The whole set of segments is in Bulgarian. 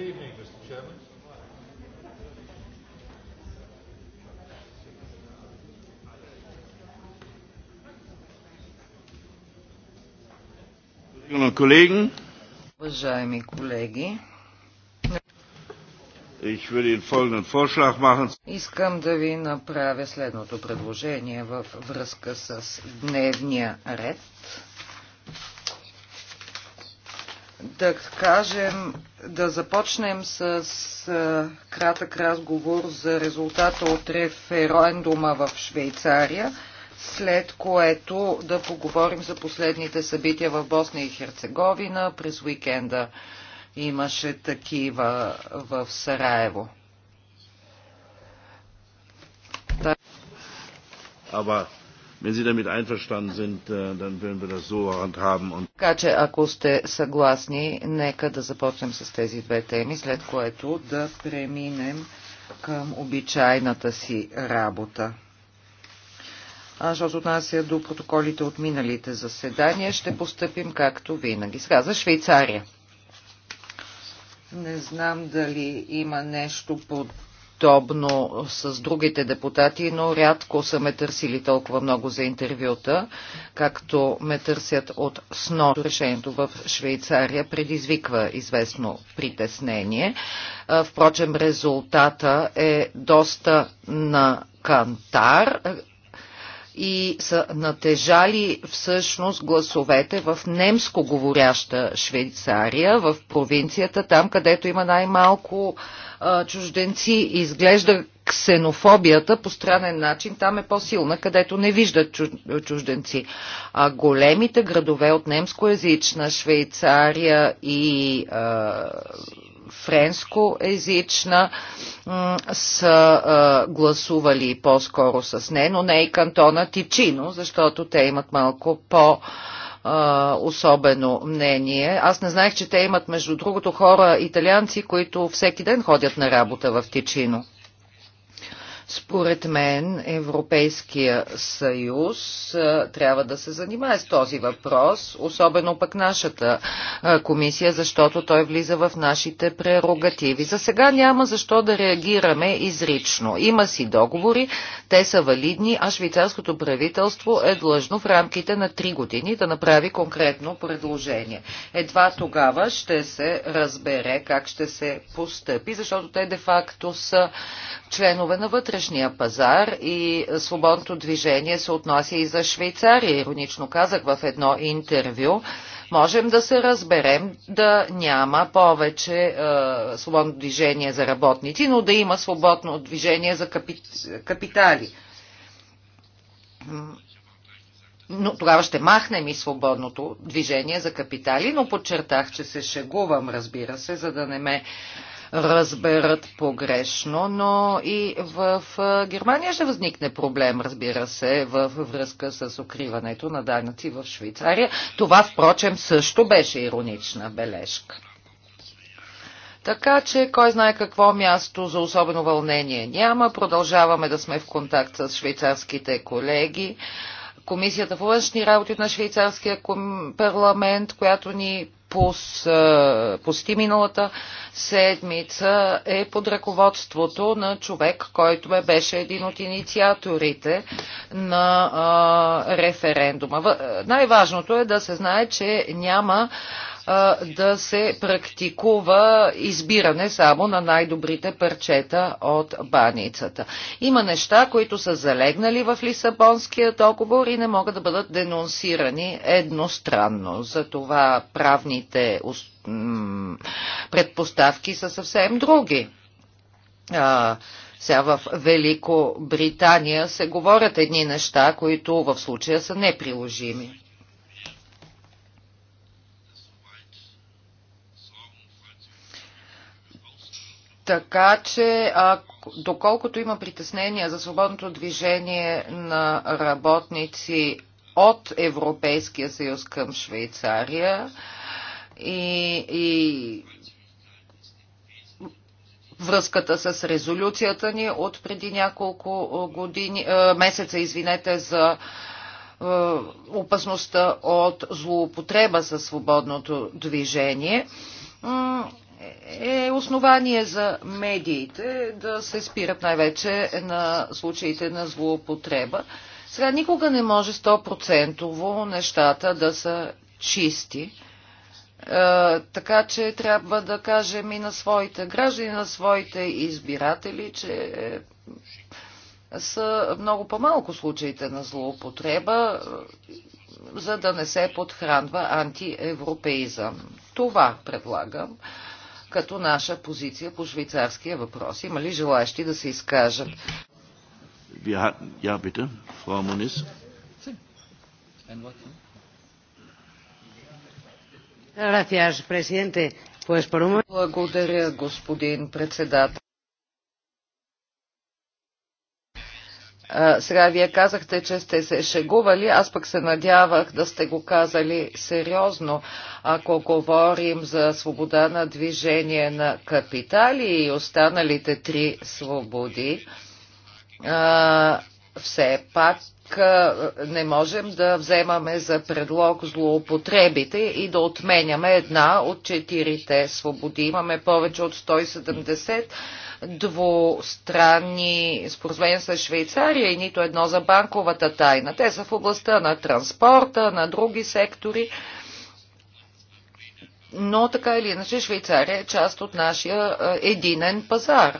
evening, Mr. Chairman. Уважаеми колеги, Ich würde Ihnen folgenden Vorschlag machen. Искам да ви направя следното предложение във връзка с дневния ред да кажем, да започнем с а, кратък разговор за резултата от референдума в Швейцария, след което да поговорим за последните събития в Босна и Херцеговина. През уикенда имаше такива в Сараево. Аба. Така че, ако сте съгласни, нека да започнем с тези две теми, след което да преминем към обичайната си работа. А що се отнася до протоколите от миналите заседания, ще постъпим както винаги. Сега за Швейцария. Не знам дали има нещо под подобно с другите депутати, но рядко са ме търсили толкова много за интервюта, както ме търсят от сно. Решението в Швейцария предизвиква известно притеснение. Впрочем, резултата е доста на кантар и са натежали всъщност гласовете в немско говоряща Швейцария, в провинцията, там където има най-малко чужденци. Изглежда ксенофобията по странен начин там е по-силна, където не виждат чужденци. А големите градове от немскоязична Швейцария и а, френскоязична, са а, гласували по-скоро с не, но не и кантона Тичино, защото те имат малко по- особено мнение. Аз не знаех, че те имат, между другото, хора италианци, които всеки ден ходят на работа в Тичино. Според мен Европейския съюз трябва да се занимае с този въпрос, особено пък нашата комисия, защото той влиза в нашите прерогативи. За сега няма защо да реагираме изрично. Има си договори, те са валидни, а швейцарското правителство е длъжно в рамките на 3 години да направи конкретно предложение. Едва тогава ще се разбере как ще се постъпи, защото те де-факто са членове на вътрешния вътрешния пазар и свободното движение се отнася и за Швейцария. Иронично казах в едно интервю, можем да се разберем да няма повече е, свободно движение за работници, но да има свободно движение за капит, капитали. Но тогава ще махнем и свободното движение за капитали, но подчертах, че се шегувам, разбира се, за да не ме разберат погрешно, но и в Германия ще възникне проблем, разбира се, в връзка с укриването на данъци в Швейцария. Това, впрочем, също беше иронична бележка. Така че, кой знае какво място за особено вълнение няма. Продължаваме да сме в контакт с швейцарските колеги. Комисията по външни работи на швейцарския парламент, която ни пости миналата седмица е под ръководството на човек, който е беше един от инициаторите на а, референдума. Най-важното е да се знае, че няма да се практикува избиране само на най-добрите парчета от баницата. Има неща, които са залегнали в Лисабонския договор и не могат да бъдат денонсирани едностранно. Затова правните предпоставки са съвсем други. Сега в Великобритания се говорят едни неща, които в случая са неприложими. Така че, а, доколкото има притеснения за свободното движение на работници от Европейския съюз към Швейцария и, и връзката с резолюцията ни от преди няколко години, месеца, извинете, за опасността от злоупотреба със свободното движение е основание за медиите да се спират най-вече на случаите на злоупотреба. Сега никога не може 100% нещата да са чисти. Е, така че трябва да кажем и на своите граждани, на своите избиратели, че е, са много по-малко случаите на злоупотреба, е, за да не се подхранва антиевропеизъм. Това предлагам като наша позиция по швейцарския въпрос. Има ли желаящи да се изкажат? Благодаря, господин председател. Сега вие казахте, че сте се шегували, аз пък се надявах да сте го казали сериозно. Ако говорим за свобода на движение на капитали и останалите три свободи, все пак не можем да вземаме за предлог злоупотребите и да отменяме една от четирите свободи. Имаме повече от 170 двустранни споразумения с Швейцария и нито едно за банковата тайна. Те са в областта на транспорта, на други сектори. Но така или иначе Швейцария е част от нашия единен пазар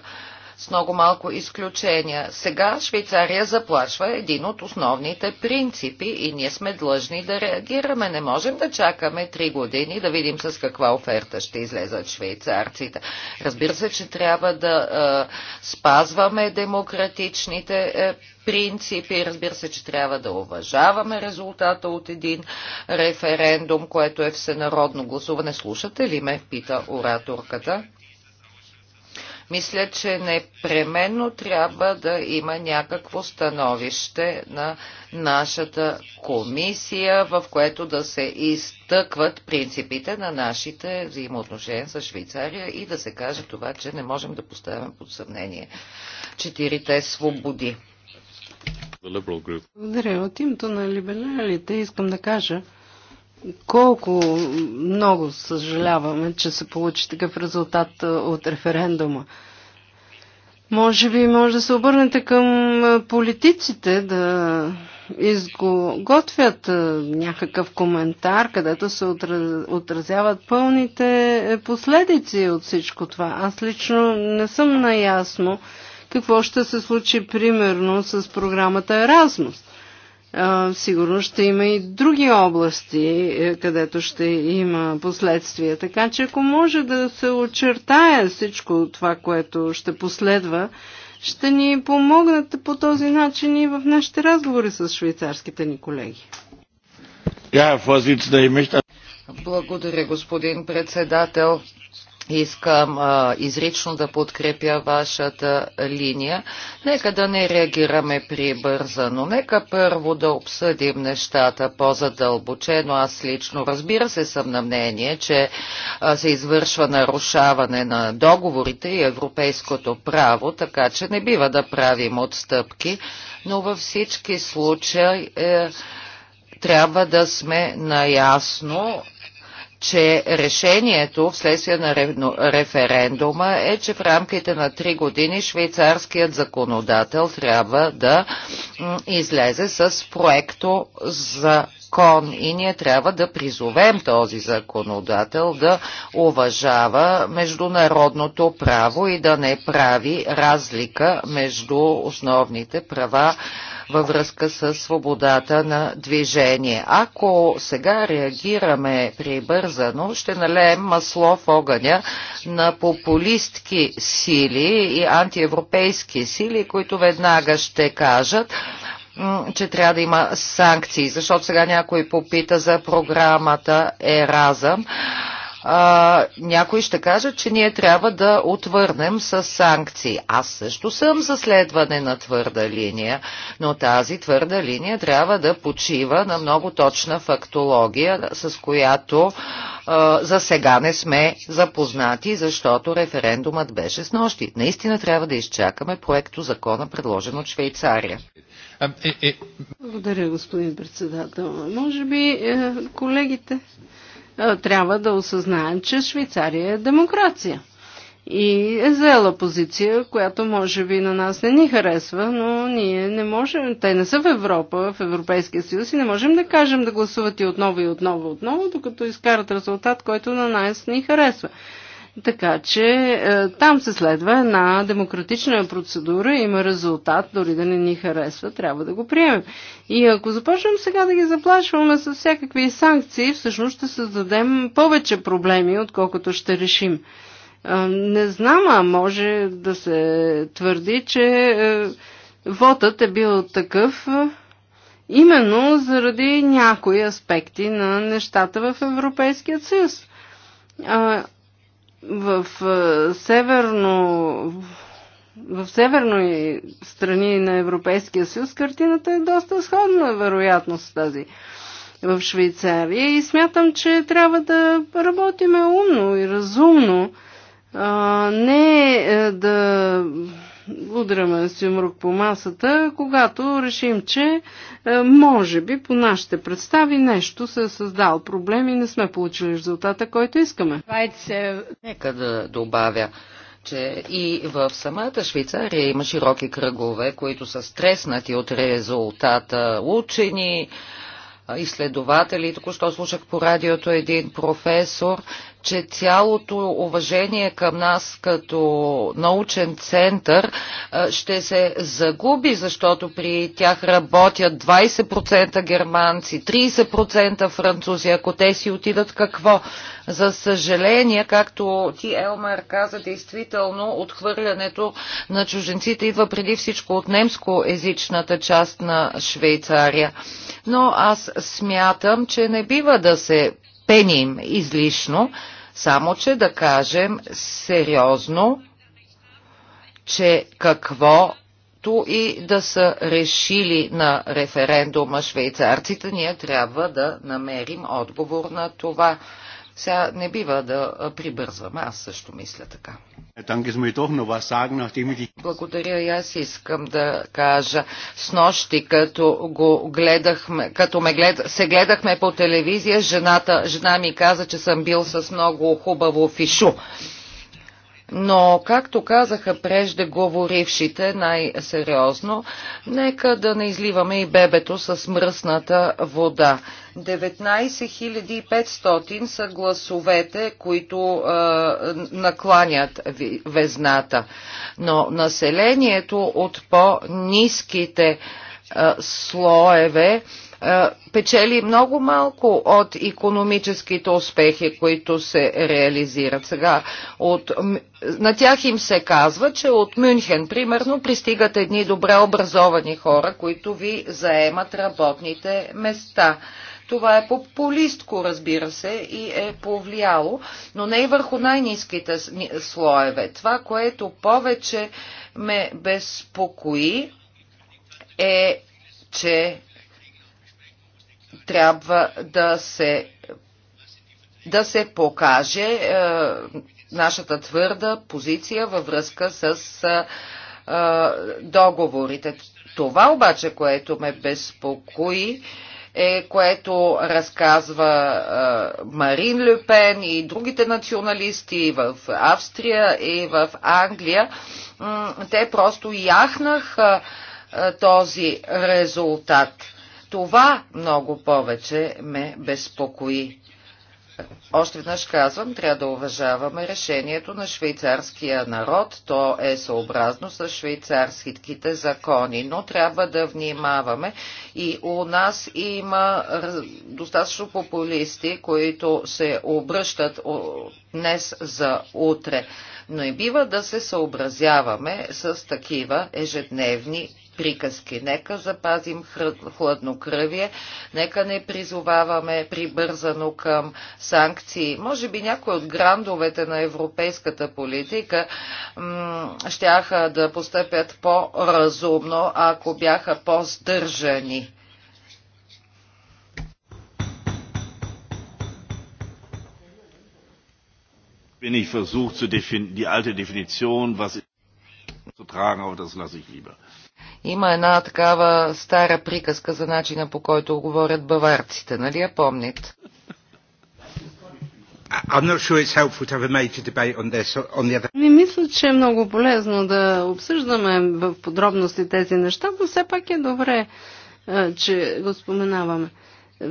с много малко изключения. Сега Швейцария заплашва един от основните принципи и ние сме длъжни да реагираме. Не можем да чакаме три години да видим с каква оферта ще излезат швейцарците. Разбира се, че трябва да е, спазваме демократичните е, принципи. Разбира се, че трябва да уважаваме резултата от един референдум, което е всенародно гласуване. Слушате ли ме? Пита ораторката. Мисля, че непременно трябва да има някакво становище на нашата комисия, в което да се изтъкват принципите на нашите взаимоотношения с Швейцария и да се каже това, че не можем да поставяме под съмнение четирите свободи. Благодаря. От името на либералите искам да кажа, колко много съжаляваме, че се получи такъв резултат от референдума. Може би може да се обърнете към политиците да изготвят някакъв коментар, където се отразяват пълните е, последици от всичко това. Аз лично не съм наясно какво ще се случи примерно с програмата Еразмус сигурно ще има и други области, е, където ще има последствия. Така че ако може да се очертае всичко това, което ще последва, ще ни помогнат по този начин и в нашите разговори с швейцарските ни колеги. Благодаря, господин председател. Искам а, изрично да подкрепя вашата линия. Нека да не реагираме прибързано. Нека първо да обсъдим нещата по-задълбочено. Аз лично разбира се съм на мнение, че а, се извършва нарушаване на договорите и европейското право, така че не бива да правим отстъпки, но във всички случаи е, трябва да сме наясно че решението вследствие на референдума е, че в рамките на три години швейцарският законодател трябва да излезе с проекто за закон и ние трябва да призовем този законодател да уважава международното право и да не прави разлика между основните права във връзка с свободата на движение. Ако сега реагираме прибързано, ще налеем масло в огъня на популистки сили и антиевропейски сили, които веднага ще кажат, че трябва да има санкции, защото сега някой попита за програмата Еразъм. А, някой ще каже, че ние трябва да отвърнем с санкции. Аз също съм за следване на твърда линия, но тази твърда линия трябва да почива на много точна фактология, с която а, за сега не сме запознати, защото референдумът беше с нощи. Наистина трябва да изчакаме проекто закона, предложен от Швейцария. Е, е, Благодаря, господин председател. Може би е, колегите трябва да осъзнаем, че Швейцария е демокрация. И е заела позиция, която може би на нас не ни харесва, но ние не можем, те не са в Европа, в Европейския съюз и не можем да кажем да гласуват и отново и отново и отново, докато изкарат резултат, който на нас ни харесва. Така че е, там се следва една демократична процедура, има резултат, дори да не ни харесва, трябва да го приемем. И ако започнем сега да ги заплашваме с всякакви санкции, всъщност ще създадем повече проблеми, отколкото ще решим. Е, не знам, а може да се твърди, че е, вотът е бил такъв именно заради някои аспекти на нещата в Европейския съюз в северно в и страни на Европейския съюз картината е доста сходна, вероятно, с тази в Швейцария и смятам, че трябва да работиме умно и разумно, а не е, да удряме с юмрук по масата, когато решим, че е, може би по нашите представи нещо се е създал проблем и не сме получили резултата, който искаме. Нека да добавя че и в самата Швейцария има широки кръгове, които са стреснати от резултата. Учени, изследователи, току-що слушах по радиото един професор, че цялото уважение към нас като научен център ще се загуби, защото при тях работят 20% германци, 30% французи. Ако те си отидат какво? За съжаление, както ти, Елмар, каза, действително отхвърлянето на чуженците идва преди всичко от немскоязичната част на Швейцария. Но аз смятам, че не бива да се пеним излишно, само че да кажем сериозно, че какво и да са решили на референдума швейцарците, ние трябва да намерим отговор на това сега не бива да прибързвам, аз също мисля така. Благодаря и аз искам да кажа. С нощи, като, го гледахме, като ме глед... се гледахме по телевизия, жената, жена ми каза, че съм бил с много хубаво фишу. Но, както казаха преждеговорившите най-сериозно, нека да не изливаме и бебето с мръсната вода. 19500 са гласовете, които а, накланят везната. Но населението от по-низките слоеве а, печели много малко от економическите успехи, които се реализират. Сега от, на тях им се казва, че от Мюнхен, примерно, пристигат едни добре образовани хора, които ви заемат работните места. Това е популистко, разбира се, и е повлияло, но не и върху най-низките слоеве. Това, което повече ме безпокои, е, че трябва да се, да се покаже е, нашата твърда позиция във връзка с е, е договорите. Това обаче, което ме безпокои, е, е, което разказва е, Марин Люпен и другите националисти в Австрия и в Англия. Те просто яхнаха този резултат. Това много повече ме безпокои. Още веднъж казвам, трябва да уважаваме решението на швейцарския народ. То е съобразно с швейцарските закони, но трябва да внимаваме. И у нас има достатъчно популисти, които се обръщат днес за утре. Но и бива да се съобразяваме с такива ежедневни приказки. Нека запазим хладнокръвие, нека не призоваваме прибързано към санкции. Може би някои от грандовете на европейската политика щяха да постъпят по-разумно, ако бяха по-здържани. bin ich versucht, die alte Definition was zu tragen, aber das lasse ich lieber. Има една такава стара приказка за начина по който говорят баварците, нали я помнят? Не ами, мисля, че е много полезно да обсъждаме в подробности тези неща, но все пак е добре, е, че го споменаваме.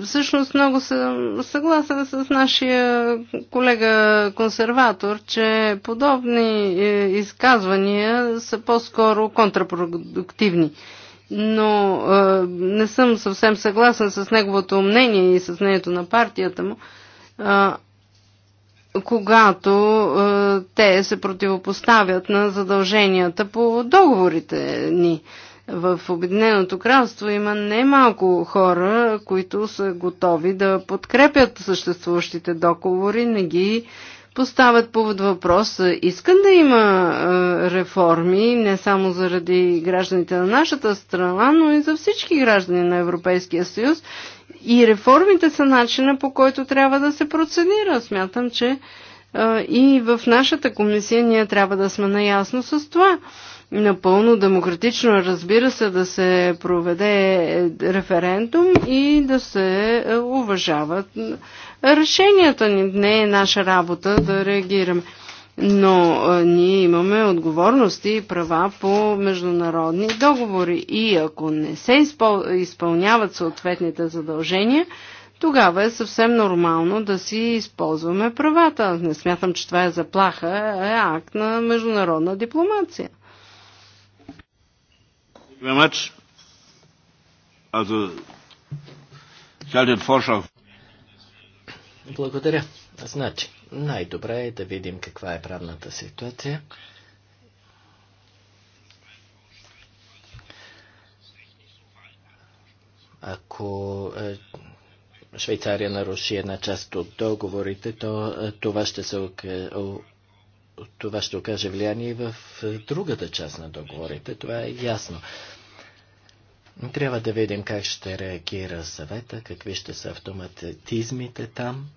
Всъщност много съм съгласен с нашия колега консерватор, че подобни е, изказвания са по-скоро контрапродуктивни. Но е, не съм съвсем съгласен с неговото мнение и с мнението на партията му, е, когато е, те се противопоставят на задълженията по договорите ни. Е, в Обединеното кралство има немалко хора, които са готови да подкрепят съществуващите договори, не ги поставят повод въпрос. Искам да има реформи, не само заради гражданите на нашата страна, но и за всички граждани на Европейския съюз. И реформите са начина по който трябва да се процедира. Смятам, че и в нашата комисия ние трябва да сме наясно с това напълно демократично, разбира се, да се проведе референдум и да се е, уважават решенията ни. Не е наша работа да реагираме. Но а, е, ние имаме отговорности и права по международни договори. И ако не се изпъл... изпълняват съответните задължения, тогава е съвсем нормално да си използваме правата. Не смятам, че това е заплаха, е акт на международна дипломация very much. Also, ich halte den Vorschlag. Благодаря. Значи, най-добре е да видим каква е правната ситуация. Ако е, Швейцария наруши една част от договорите, то е, това ще се това ще окаже влияние в е, другата част на договорите. Това е ясно. Трябва да видим как ще реагира съвета, какви ще са автоматизмите там.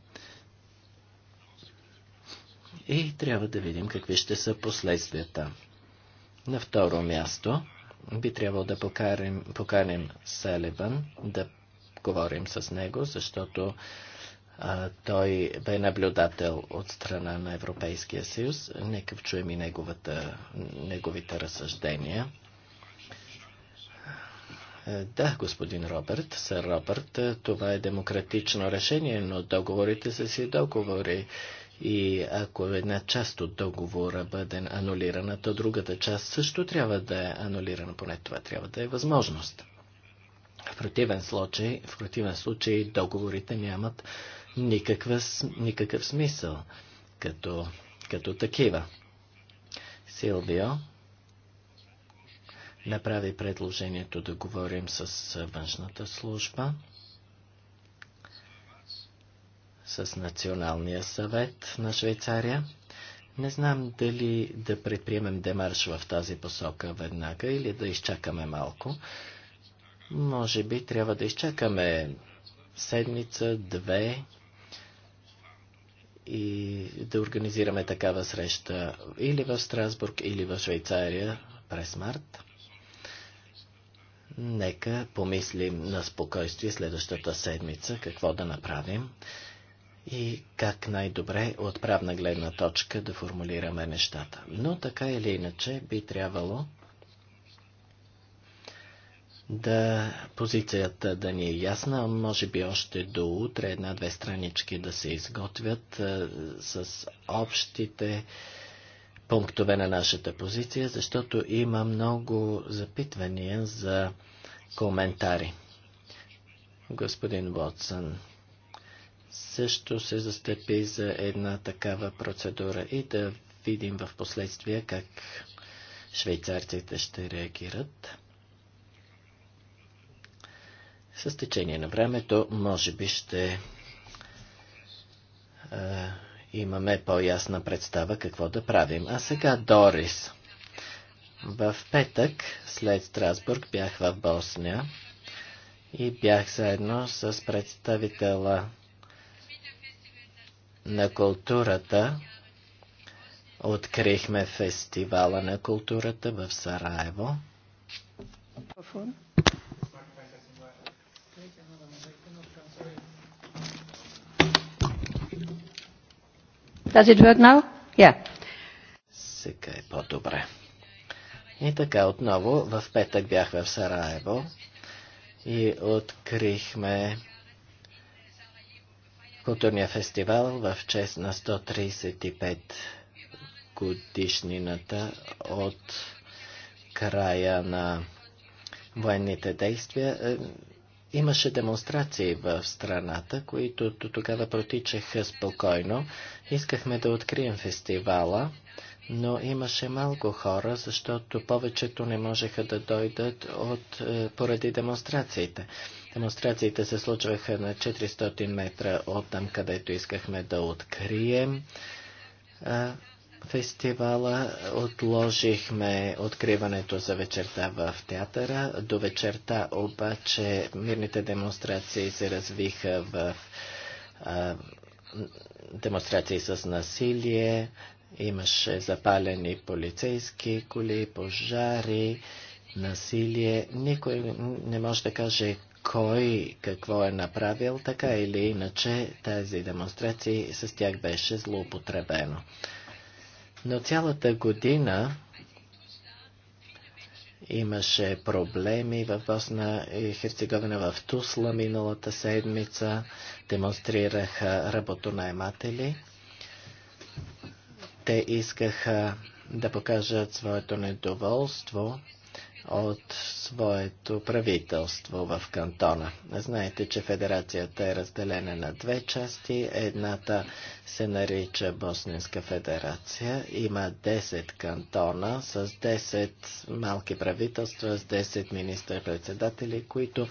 И трябва да видим какви ще са последствията. На второ място би трябвало да покарим, поканим Селиван, да говорим с него, защото той бе наблюдател от страна на Европейския съюз. Нека чуем и неговата, неговите разсъждения. Е, да, господин Робърт, сър Робърт, е, това е демократично решение, но договорите са си договори. И ако една част от договора бъде анулирана, то другата част също трябва да е анулирана, поне това трябва да е възможност. В противен случай, в противен случай договорите нямат никаква, никакъв смисъл като, като такива. Силвио направи предложението да говорим с външната служба, с Националния съвет на Швейцария. Не знам дали да предприемем демарш в тази посока веднага или да изчакаме малко. Може би трябва да изчакаме седмица, две, и да организираме такава среща или в Страсбург, или в Швейцария през март. Нека помислим на спокойствие следващата седмица какво да направим и как най-добре от правна гледна точка да формулираме нещата. Но така или иначе би трябвало да позицията да ни е ясна, може би още до утре една-две странички да се изготвят е, с общите пунктове на нашата позиция, защото има много запитвания за коментари. Господин Вотсън също се застъпи за една такава процедура и да видим в последствие как швейцарците ще реагират. С течение на времето, може би ще е, имаме по-ясна представа какво да правим. А сега Дорис. В петък, след Страсбург, бях в Босния и бях заедно с представителя на културата. Открихме фестивала на културата в Сараево. Does it work now? Yeah. Сега е по-добре. И така, отново, в петък бях в Сараево и открихме културния фестивал в чест на 135 годишнината от края на военните действия. Имаше демонстрации в страната, които до тогава протичаха спокойно. Искахме да открием фестивала, но имаше малко хора, защото повечето не можеха да дойдат от, е, поради демонстрациите. Демонстрациите се случваха на 400 метра от там, където искахме да открием фестивала. Отложихме откриването за вечерта в театъра. До вечерта обаче мирните демонстрации се развиха в а, демонстрации с насилие. Имаше запалени полицейски коли, пожари, насилие. Никой не може да каже кой какво е направил, така или иначе тази демонстрация с тях беше злоупотребено. Но цялата година имаше проблеми в Босна и Херцеговина, в Тусла миналата седмица. Демонстрираха работонаематели. Те искаха да покажат своето недоволство от своето правителство в кантона. Знаете, че федерацията е разделена на две части. Едната се нарича Босненска федерация. Има 10 кантона с 10 малки правителства, с 10 министър-председатели, които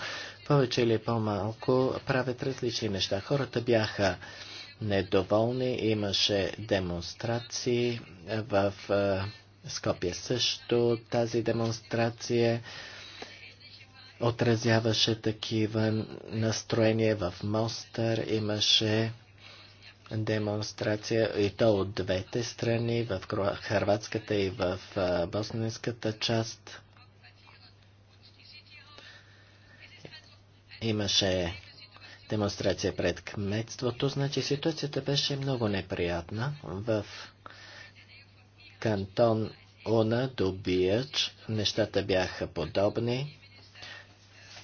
повече или по-малко правят различни неща. Хората бяха недоволни, имаше демонстрации в е, Скопия също тази демонстрация отразяваше такива настроения в Мостър. Имаше демонстрация и то от двете страни, в хрватската и в босненската част. Имаше демонстрация пред кметството, значи ситуацията беше много неприятна в кантон Уна до Биач нещата бяха подобни.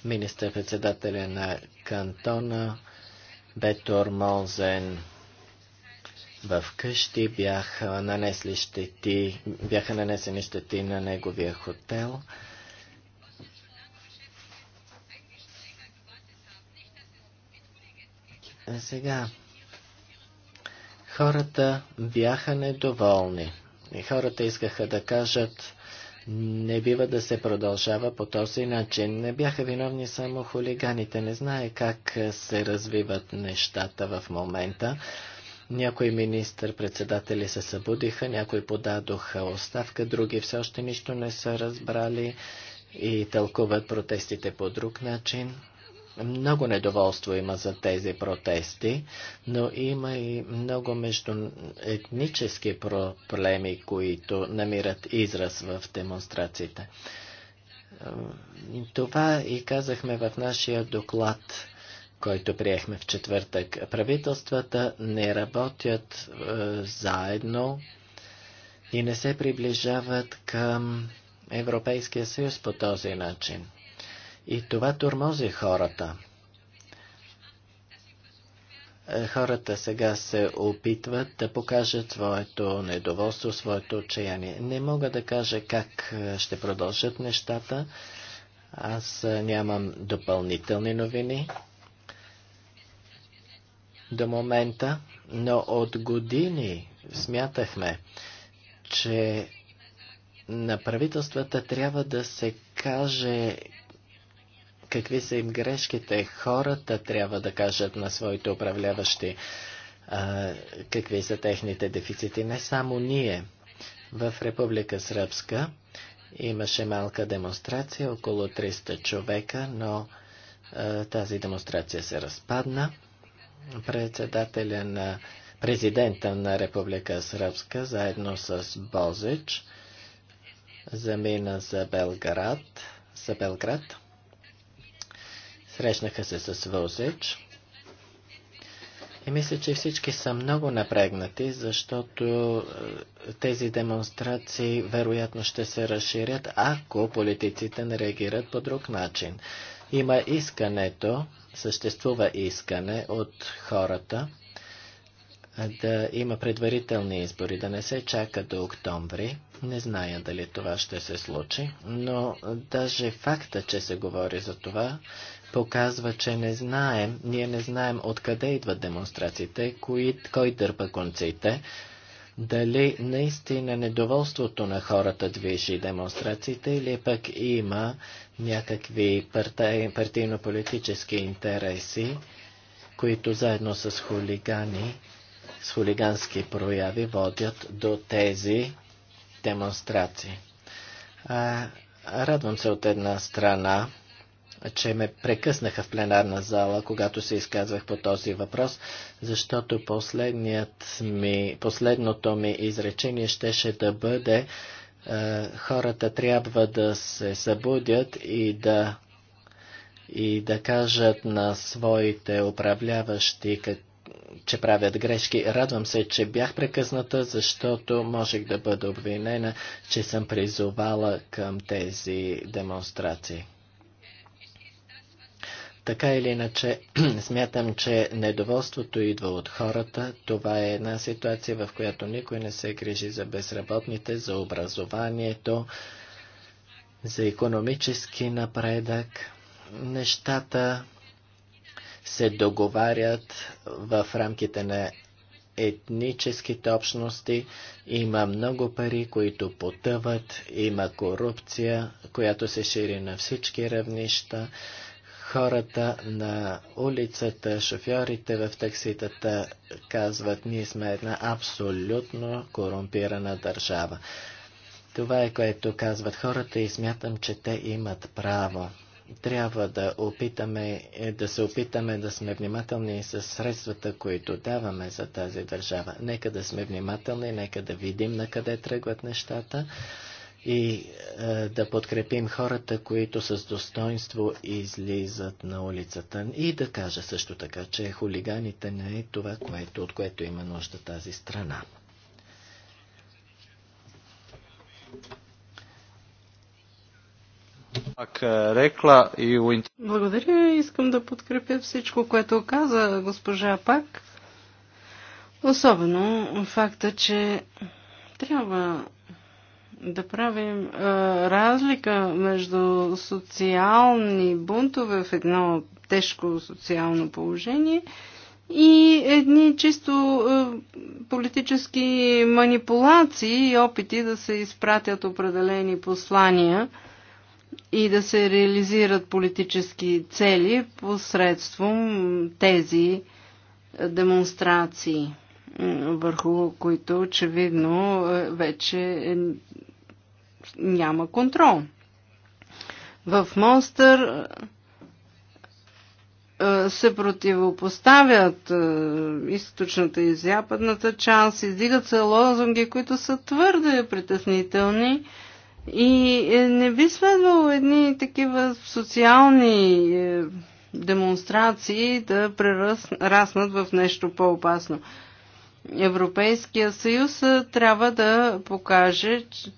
Министър-председателя на кантона бе тормозен в къщи, бяха, нанесли щети, бяха нанесени щети на неговия хотел. А сега хората бяха недоволни. И хората искаха да кажат, не бива да се продължава по този начин. Не бяха виновни само хулиганите. Не знае как се развиват нещата в момента. Някои министър-председатели се събудиха, някои подадоха оставка, други все още нищо не са разбрали и тълкуват протестите по друг начин. Много недоволство има за тези протести, но има и много междуетнически проблеми, които намират израз в демонстрациите. Това и казахме в нашия доклад който приехме в четвъртък. Правителствата не работят е, заедно и не се приближават към Европейския съюз по този начин. И това тормози хората. Е, хората сега се опитват да покажат своето недоволство, своето отчаяние. Не мога да кажа как е, ще продължат нещата. Аз е, нямам допълнителни новини до момента, но от години смятахме, че на правителствата трябва да се каже какви са им грешките. Хората трябва да кажат на своите управляващи а, какви са техните дефицити. Не само ние. В Република Сръбска имаше малка демонстрация, около 300 човека, но а, тази демонстрация се разпадна. Председателя на президента на Република Сръбска, заедно с Бозич, замина за Белград, за Белград Срещнаха се с Вълзич. И мисля, че всички са много напрегнати, защото е, тези демонстрации вероятно ще се разширят, ако политиците не реагират по друг начин. Има искането, съществува искане от хората е, да има предварителни избори, да не се чака до октомври. Не зная дали това ще се случи, но даже факта, че се говори за това, показва, че не знаем, ние не знаем откъде идват демонстрациите, кои, кой дърпа конците, дали наистина недоволството на хората движи демонстрациите или пък има някакви партийно-политически интереси, които заедно с хулигани, с хулигански прояви водят до тези демонстрации. А, радвам се от една страна, че ме прекъснаха в пленарна зала, когато се изказвах по този въпрос, защото последният ми, последното ми изречение щеше да бъде е, хората трябва да се събудят и да и да кажат на своите управляващи, че правят грешки. Радвам се, че бях прекъсната, защото можех да бъда обвинена, че съм призовала към тези демонстрации. Така или иначе, смятам, че недоволството идва от хората. Това е една ситуация, в която никой не се грижи за безработните, за образованието, за економически напредък. Нещата се договарят в рамките на етническите общности, има много пари, които потъват, има корупция, която се шири на всички равнища хората на улицата, шофьорите в такситата казват, ние сме една абсолютно корумпирана държава. Това е което казват хората и смятам, че те имат право. Трябва да, опитаме, е, да се опитаме да сме внимателни с средствата, които даваме за тази държава. Нека да сме внимателни, нека да видим на къде тръгват нещата и е, да подкрепим хората, които с достоинство излизат на улицата. И да кажа също така, че хулиганите не е това, което, от което има нужда тази страна. Е, Благодаря. Искам да подкрепя всичко, което каза госпожа Пак. Особено факта, че трябва да правим а, разлика между социални бунтове в едно тежко социално положение и едни чисто а, политически манипулации и опити да се изпратят определени послания и да се реализират политически цели посредством тези демонстрации, върху които очевидно вече е няма контрол. В Монстър е, се противопоставят е, източната и западната част, издигат се лозунги, които са твърде притеснителни и е, не би следвало едни такива социални демонстрации да прераснат в нещо по-опасно. Европейския съюз трябва да покаже, че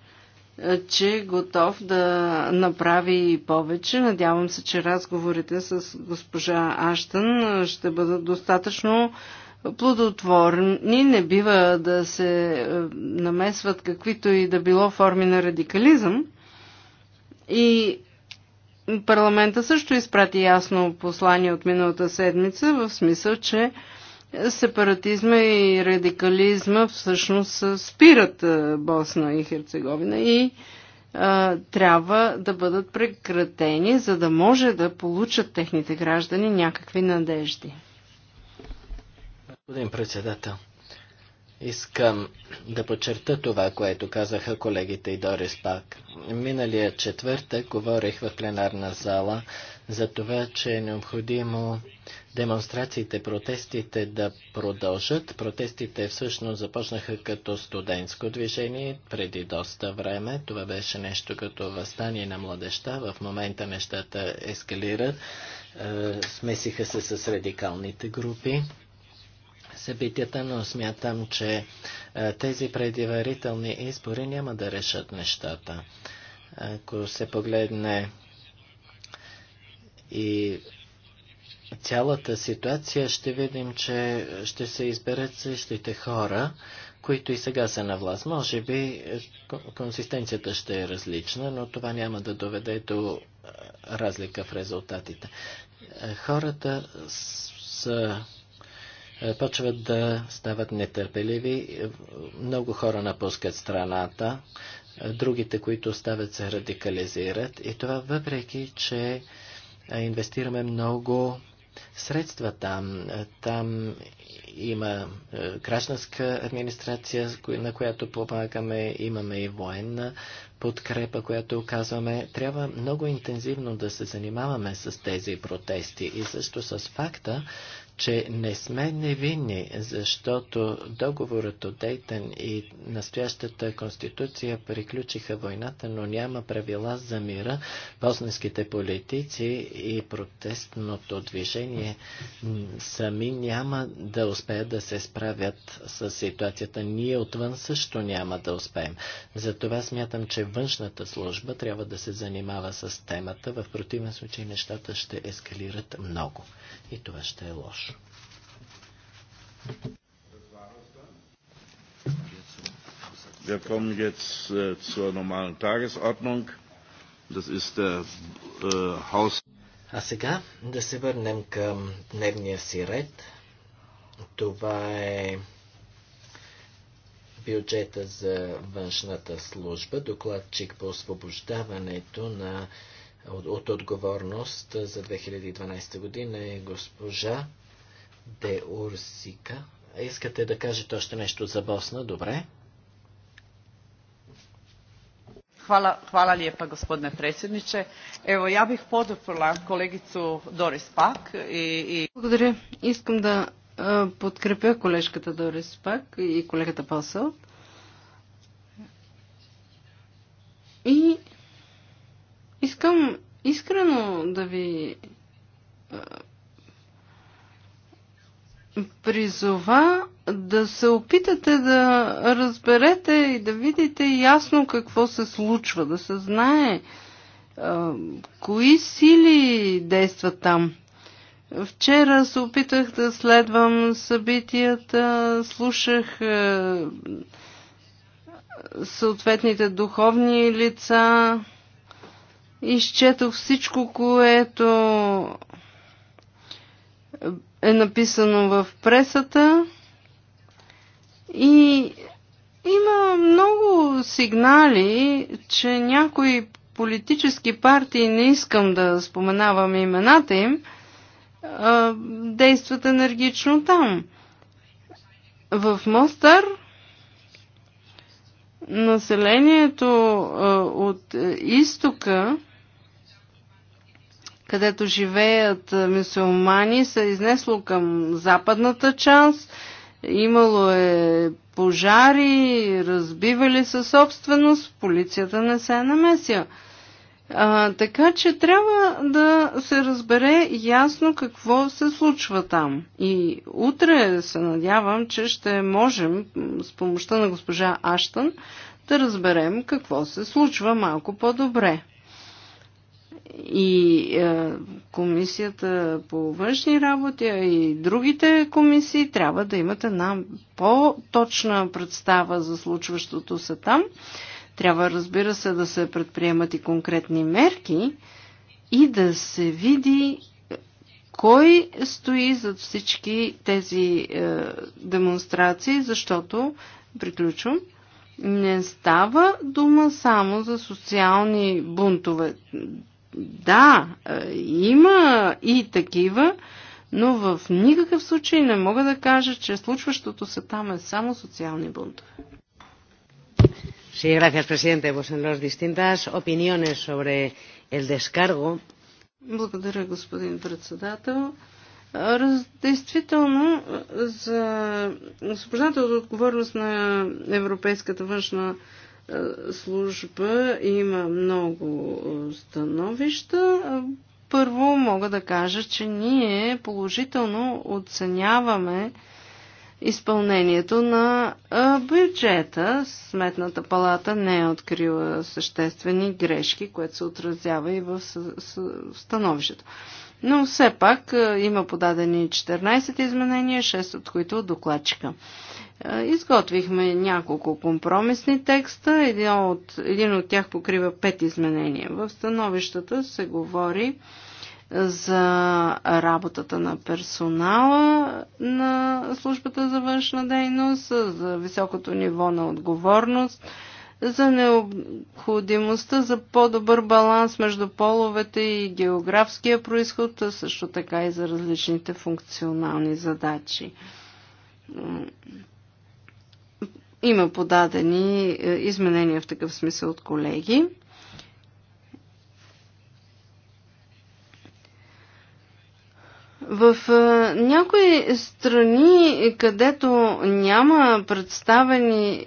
че е готов да направи повече. Надявам се, че разговорите с госпожа Аштън ще бъдат достатъчно плодотворни. Не бива да се е, намесват каквито и да било форми на радикализъм. И парламента също изпрати ясно послание от миналата седмица в смисъл, че сепаратизма и радикализма всъщност спират Босна и Херцеговина и а, трябва да бъдат прекратени, за да може да получат техните граждани някакви надежди. Господин председател, искам да подчерта това, което казаха колегите и Дорис Пак. Миналия четвъртък говорих в пленарна зала за това, че е необходимо демонстрациите, протестите да продължат. Протестите всъщност започнаха като студентско движение преди доста време. Това беше нещо като възстание на младеща. В момента нещата ескалират. Е, смесиха се с радикалните групи събитията, но смятам, че е, тези предварителни избори няма да решат нещата. Ако се погледне и цялата ситуация ще видим, че ще се изберат същите хора, които и сега са на власт. Може би е, консистенцията ще е различна, но това няма да доведе до е, разлика в резултатите. Е, хората са почват да стават нетърпеливи. Много хора напускат страната, другите, които стават, се радикализират. И това въпреки, че инвестираме много средства там. Там има е, гражданска администрация, на която помагаме, имаме и военна подкрепа, която оказваме. Трябва много интензивно да се занимаваме с тези протести и също с факта, че не сме невинни, защото договорът от Дейтън и настоящата конституция приключиха войната, но няма правила за мира. Босненските политици и протестното движение сами няма да успеят да се справят с ситуацията. Ние отвън също няма да успеем. Затова смятам, че външната служба трябва да се занимава с темата. В противен случай нещата ще ескалират много и това ще е лошо. Wir kommen jetzt äh, zur normalen Tagesordnung. Das ist der äh, Haus. А сега да се върнем към дневния си ред. Това е бюджета за външната служба, докладчик по освобождаването на от, от отговорност за 2012 година е госпожа Де Урсика. Искате да кажете още нещо за Босна? Добре. Hvala, hvala lijepa gospodine predsjedniče. Evo ja bih poduprla kolegicu Doris Pak i, i... Благодаря. Искам да подкрепя колежката Дорис Пак и колегата Пасъл. И Искам искрено да ви призова да се опитате да разберете и да видите ясно какво се случва, да се знае кои сили действат там. Вчера се опитах да следвам събитията, слушах съответните духовни лица, изчетох всичко, което е написано в пресата и има много сигнали, че някои политически партии, не искам да споменавам имената им, действат енергично там. В Мостър населението от е, изтока където живеят мусулмани, се изнесло към западната част. Имало е пожари, разбивали със собственост, полицията не се е намесила. А, така че трябва да се разбере ясно какво се случва там. И утре се надявам, че ще можем с помощта на госпожа Аштън да разберем какво се случва малко по-добре и е, комисията по външни работи, а и другите комисии трябва да имат една по-точна представа за случващото се там. Трябва, разбира се, да се предприемат и конкретни мерки и да се види е, кой стои зад всички тези е, демонстрации, защото, приключвам, не става дума само за социални бунтове. Да, е, има и такива, но в никакъв случай не мога да кажа, че случващото се там е само социални бунтове. Sí, gracias, presidente. Pues en las distintas opiniones sobre el descargo. Благодаря, господин председател. Раз, действително, за освобождателната отговорност на Европейската външна служба има много становища. Първо мога да кажа, че ние положително оценяваме изпълнението на бюджета. Сметната палата не е открила съществени грешки, което се отразява и в становището. Но все пак има подадени 14 изменения, 6 от които от докладчика. Изготвихме няколко компромисни текста, един от, един от тях покрива пет изменения. В становищата се говори за работата на персонала на службата за външна дейност, за високото ниво на отговорност, за необходимостта за по-добър баланс между половете и географския происход, също така и за различните функционални задачи. Има подадени е, изменения в такъв смисъл от колеги. В е, някои страни, където няма представени е,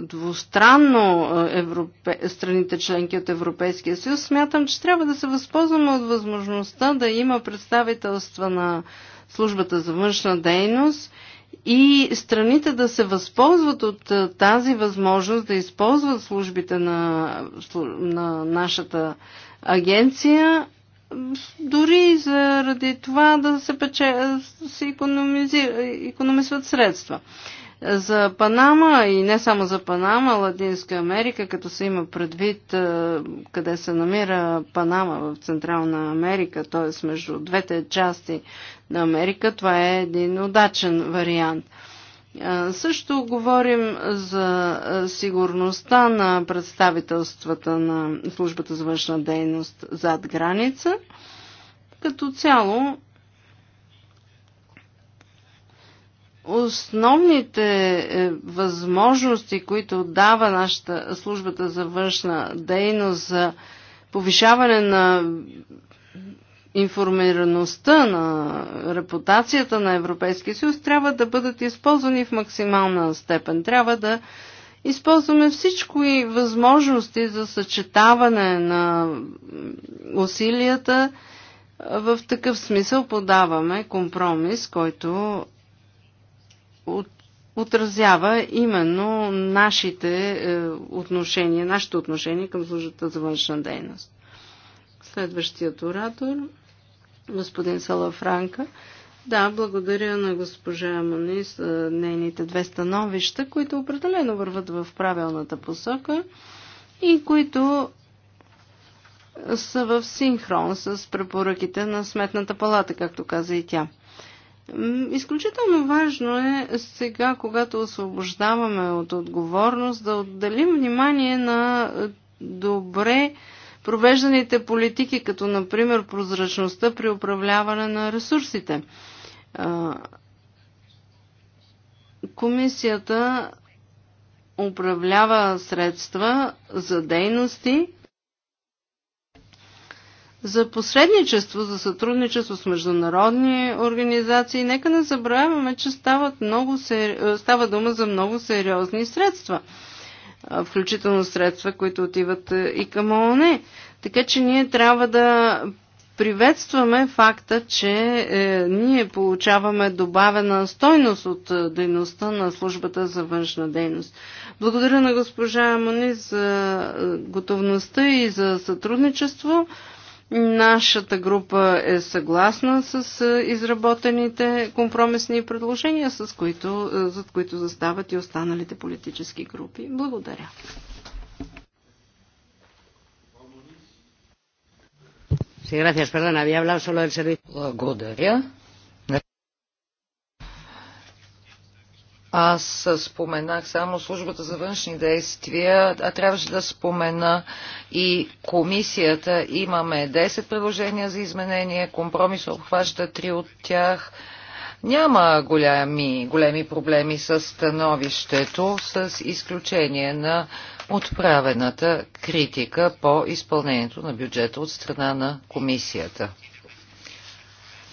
двустранно европе... страните членки от Европейския съюз, смятам, че трябва да се възползваме от възможността да има представителства на службата за външна дейност – и страните да се възползват от тази възможност да използват службите на, на нашата агенция, дори заради това да се, пече, се економизират средства. За Панама и не само за Панама, Латинска Америка, като се има предвид е, къде се намира Панама в Централна Америка, т.е. между двете части на Америка, това е един удачен вариант. Е, също говорим за сигурността на представителствата на службата за външна дейност зад граница. Като цяло Основните е, възможности, които дава нашата службата за външна дейност за повишаване на информираността на репутацията на Европейския съюз трябва да бъдат използвани в максимална степен. Трябва да използваме всичко и възможности за съчетаване на усилията. В такъв смисъл подаваме компромис, който от, отразява именно нашите е, отношения, нашите отношения към службата за външна дейност. Следващият оратор, господин Салафранка. Да, благодаря на госпожа Мани за е, нейните две становища, които определено върват в правилната посока и които са в синхрон с препоръките на Сметната палата, както каза и тя. Изключително важно е сега, когато освобождаваме от отговорност, да отделим внимание на е, добре провежданите политики, като например прозрачността при управляване на ресурсите. Комисията управлява средства за дейности, за посредничество, за сътрудничество с международни организации. Нека не забравяме, че стават много сери... Е, става дума за много сериозни средства, включително средства, които отиват е, и към ООН. Така че ние трябва да приветстваме факта, че е, ние получаваме добавена стойност от дейността на службата за външна дейност. Благодаря на госпожа Амони за готовността и за сътрудничество. Нашата група е съгласна с е, изработените компромисни предложения, с които, е, зад които застават и останалите политически групи. Благодаря. Благодаря. Аз споменах само службата за външни действия, а трябваше да спомена и комисията. Имаме 10 предложения за изменение, компромис обхваща 3 от тях. Няма големи, големи проблеми с становището, с изключение на отправената критика по изпълнението на бюджета от страна на комисията.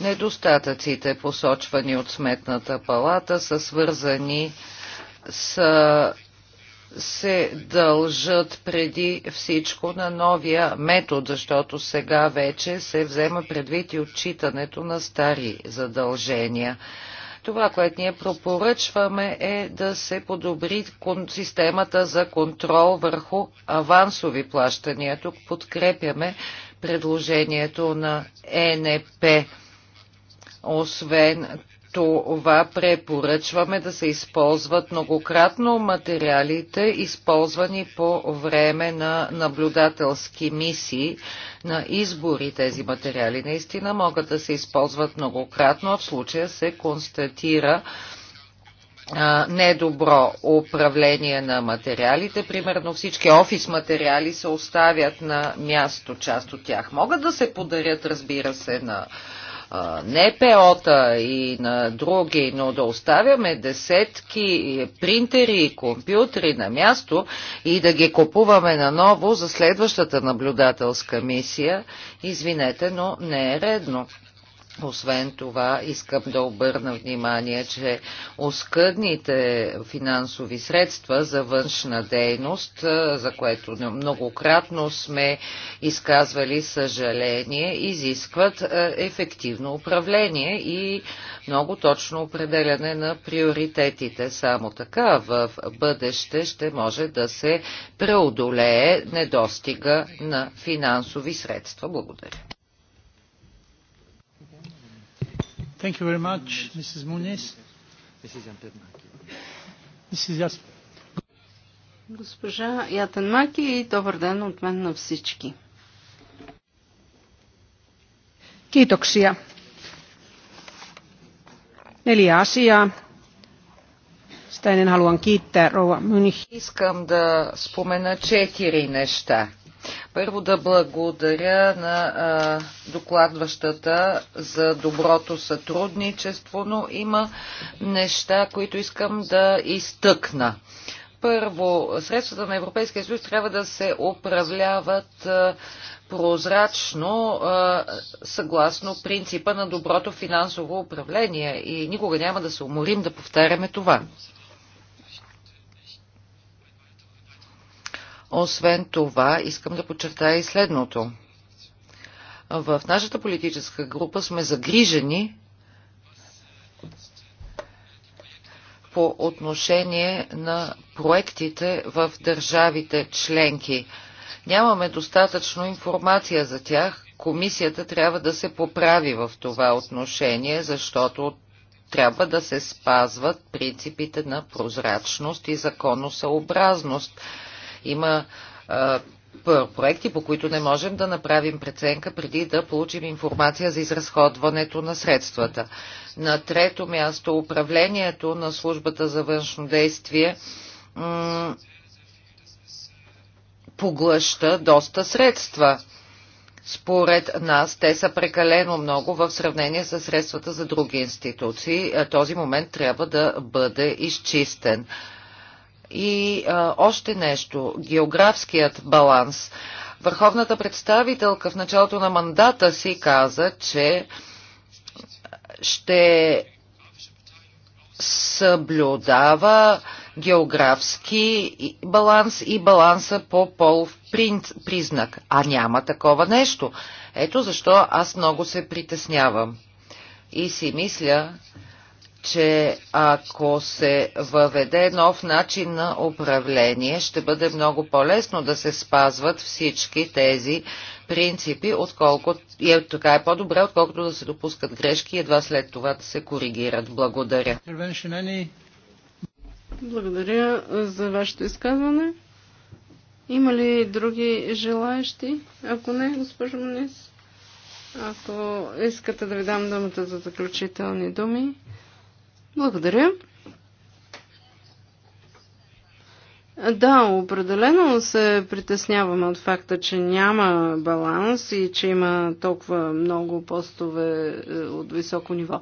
Недостатъците, посочвани от Сметната палата, са свързани с се дължат преди всичко на новия метод, защото сега вече се взема предвид и отчитането на стари задължения. Това, което ние пропоръчваме е да се подобри системата за контрол върху авансови плащания. Тук подкрепяме предложението на ЕНП. Освен това препоръчваме да се използват многократно материалите, използвани по време на наблюдателски мисии на избори. Тези материали наистина могат да се използват многократно, а в случая се констатира недобро управление на материалите. Примерно всички офис материали се оставят на място, част от тях. Могат да се подарят, разбира се, на НПО-та и на други, но да оставяме десетки принтери и компютри на място и да ги купуваме наново за следващата наблюдателска мисия, извинете, но не е редно. Освен това, искам да обърна внимание, че оскъдните финансови средства за външна дейност, за което многократно сме изказвали съжаление, изискват ефективно управление и много точно определяне на приоритетите. Само така в бъдеще ще може да се преодолее недостига на финансови средства. Благодаря. Thank you very much, Mrs. Muniz. Mrs. Госпожа Ятенмаки и добър ден от мен на всички. Kiitoksia. Neljä asiaa. Sitä ennen haluan kiittää rouva Münich. Искам да спомена четири неща първо да благодаря на а, докладващата за доброто сътрудничество, но има неща, които искам да изтъкна. Първо, средствата на Европейския съюз трябва да се управляват а, прозрачно, а, съгласно принципа на доброто финансово управление и никога няма да се уморим да повтаряме това. Освен това, искам да подчертая и следното. В нашата политическа група сме загрижени по отношение на проектите в държавите членки. Нямаме достатъчно информация за тях. Комисията трябва да се поправи в това отношение, защото трябва да се спазват принципите на прозрачност и законосъобразност има проекти, по които не можем да направим преценка преди да получим информация за изразходването на средствата. На трето място управлението на службата за външно действие поглъща доста средства. Според нас те са прекалено много в сравнение с средствата за други институции. Този момент трябва да бъде изчистен. И а, още нещо. Географският баланс. Върховната представителка в началото на мандата си каза, че ще съблюдава географски баланс и баланса по пол признак. А няма такова нещо. Ето защо аз много се притеснявам. И си мисля, че ако се въведе нов начин на управление, ще бъде много по-лесно да се спазват всички тези принципи, отколкото и е, така е по-добре, отколкото да се допускат грешки и едва след това да се коригират. Благодаря. Благодаря за вашето изказване. Има ли други желаящи? Ако не, госпожо Мнес, ако искате да ви дам думата за заключителни думи, благодаря. Да, определено се притесняваме от факта, че няма баланс и че има толкова много постове е, от високо ниво.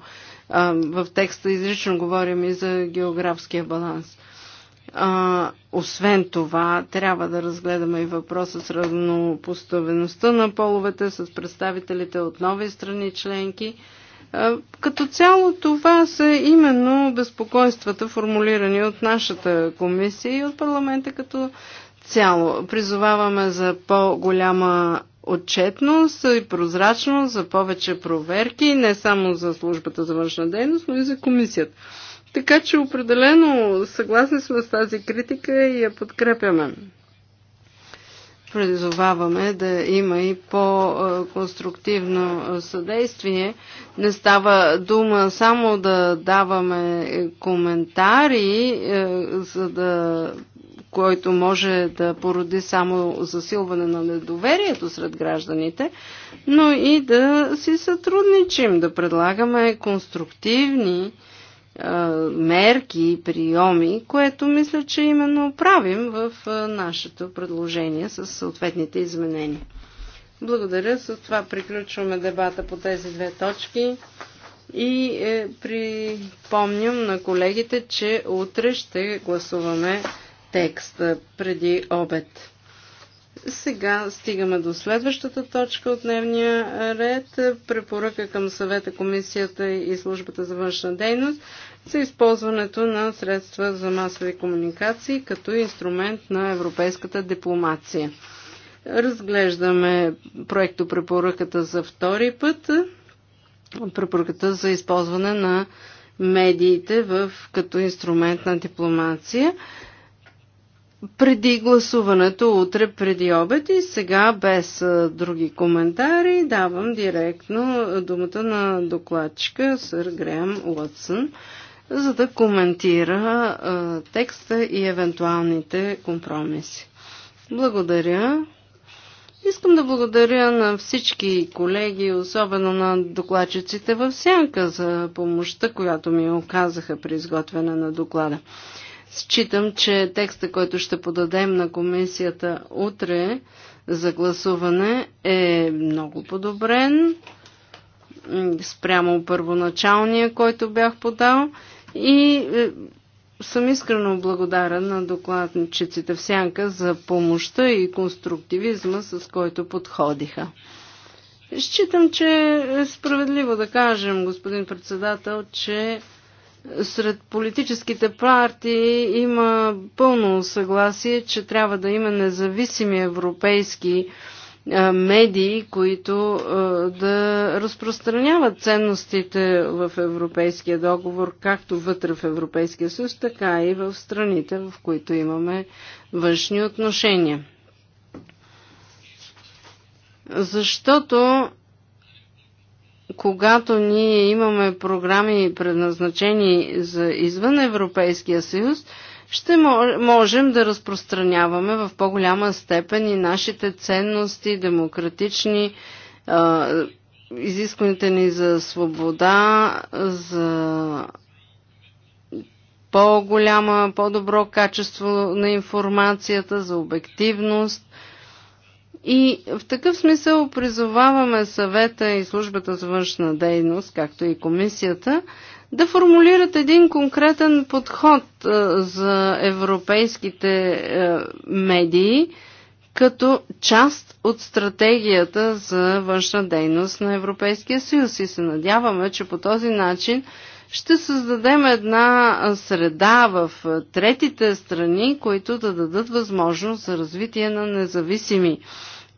В текста изрично говорим и за географския баланс. А, освен това, трябва да разгледаме и въпроса с равнопоставеността на половете, с представителите от нови страни членки. Като цяло това са именно безпокойствата, формулирани от нашата комисия и от парламента като цяло. Призоваваме за по-голяма отчетност и прозрачност, за повече проверки, не само за службата за външна дейност, но и за комисията. Така че определено съгласни сме с тази критика и я подкрепяме призоваваме да има и по-конструктивно съдействие. Не става дума само да даваме коментари, е, за да, който може да породи само засилване на недоверието сред гражданите, но и да си сътрудничим, да предлагаме конструктивни мерки и приеми, което мисля, че именно правим в нашето предложение с съответните изменения. Благодаря. С това приключваме дебата по тези две точки. И е, припомням на колегите, че утре ще гласуваме текста преди обед. Сега стигаме до следващата точка от дневния ред. Препоръка към съвета, комисията и службата за външна дейност за използването на средства за масови комуникации като инструмент на европейската дипломация. Разглеждаме проекто препоръката за втори път. Препоръката за използване на медиите в, като инструмент на дипломация преди гласуването утре преди обед и сега без други коментари давам директно думата на докладчика сър Греъм Уотсън, за да коментира а, текста и евентуалните компромиси. Благодаря. Искам да благодаря на всички колеги, особено на докладчиците в Сянка за помощта, която ми оказаха при изготвяне на доклада. Считам, че текста, който ще подадем на комисията утре за гласуване е много подобрен спрямо първоначалния, който бях подал и е, съм искрено благодарен на докладничиците в Сянка за помощта и конструктивизма, с който подходиха. Считам, че е справедливо да кажем, господин председател, че сред политическите партии има пълно съгласие, че трябва да има независими европейски е, медии, които е, да разпространяват ценностите в Европейския договор, както вътре в Европейския съюз, така и в страните, в които имаме външни отношения. Защото когато ние имаме програми предназначени за извън Европейския съюз, ще можем да разпространяваме в по-голяма степен и нашите ценности, демократични, изискваните ни за свобода, за по-голяма, по-добро качество на информацията, за обективност – и в такъв смисъл призоваваме съвета и службата за външна дейност, както и комисията, да формулират един конкретен подход за европейските медии като част от стратегията за външна дейност на Европейския съюз. И се надяваме, че по този начин ще създадем една среда в третите страни, които да дадат възможност за развитие на независими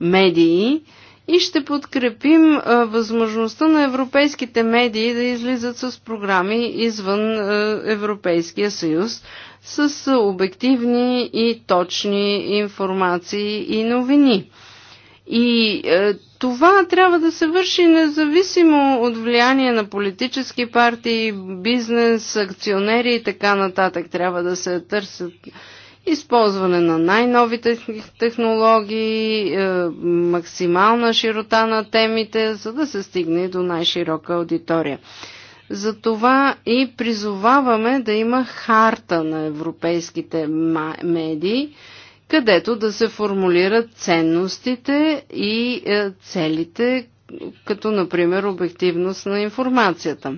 медии и ще подкрепим а, възможността на европейските медии да излизат с програми извън а, Европейския съюз с а, обективни и точни информации и новини. И е, това трябва да се върши независимо от влияние на политически партии, бизнес, акционери и така нататък. Трябва да се търсят използване на най-новите технологии, е, максимална широта на темите, за да се стигне до най-широка аудитория. Затова и призоваваме да има харта на европейските медии, където да се формулират ценностите и е, целите, като например обективност на информацията.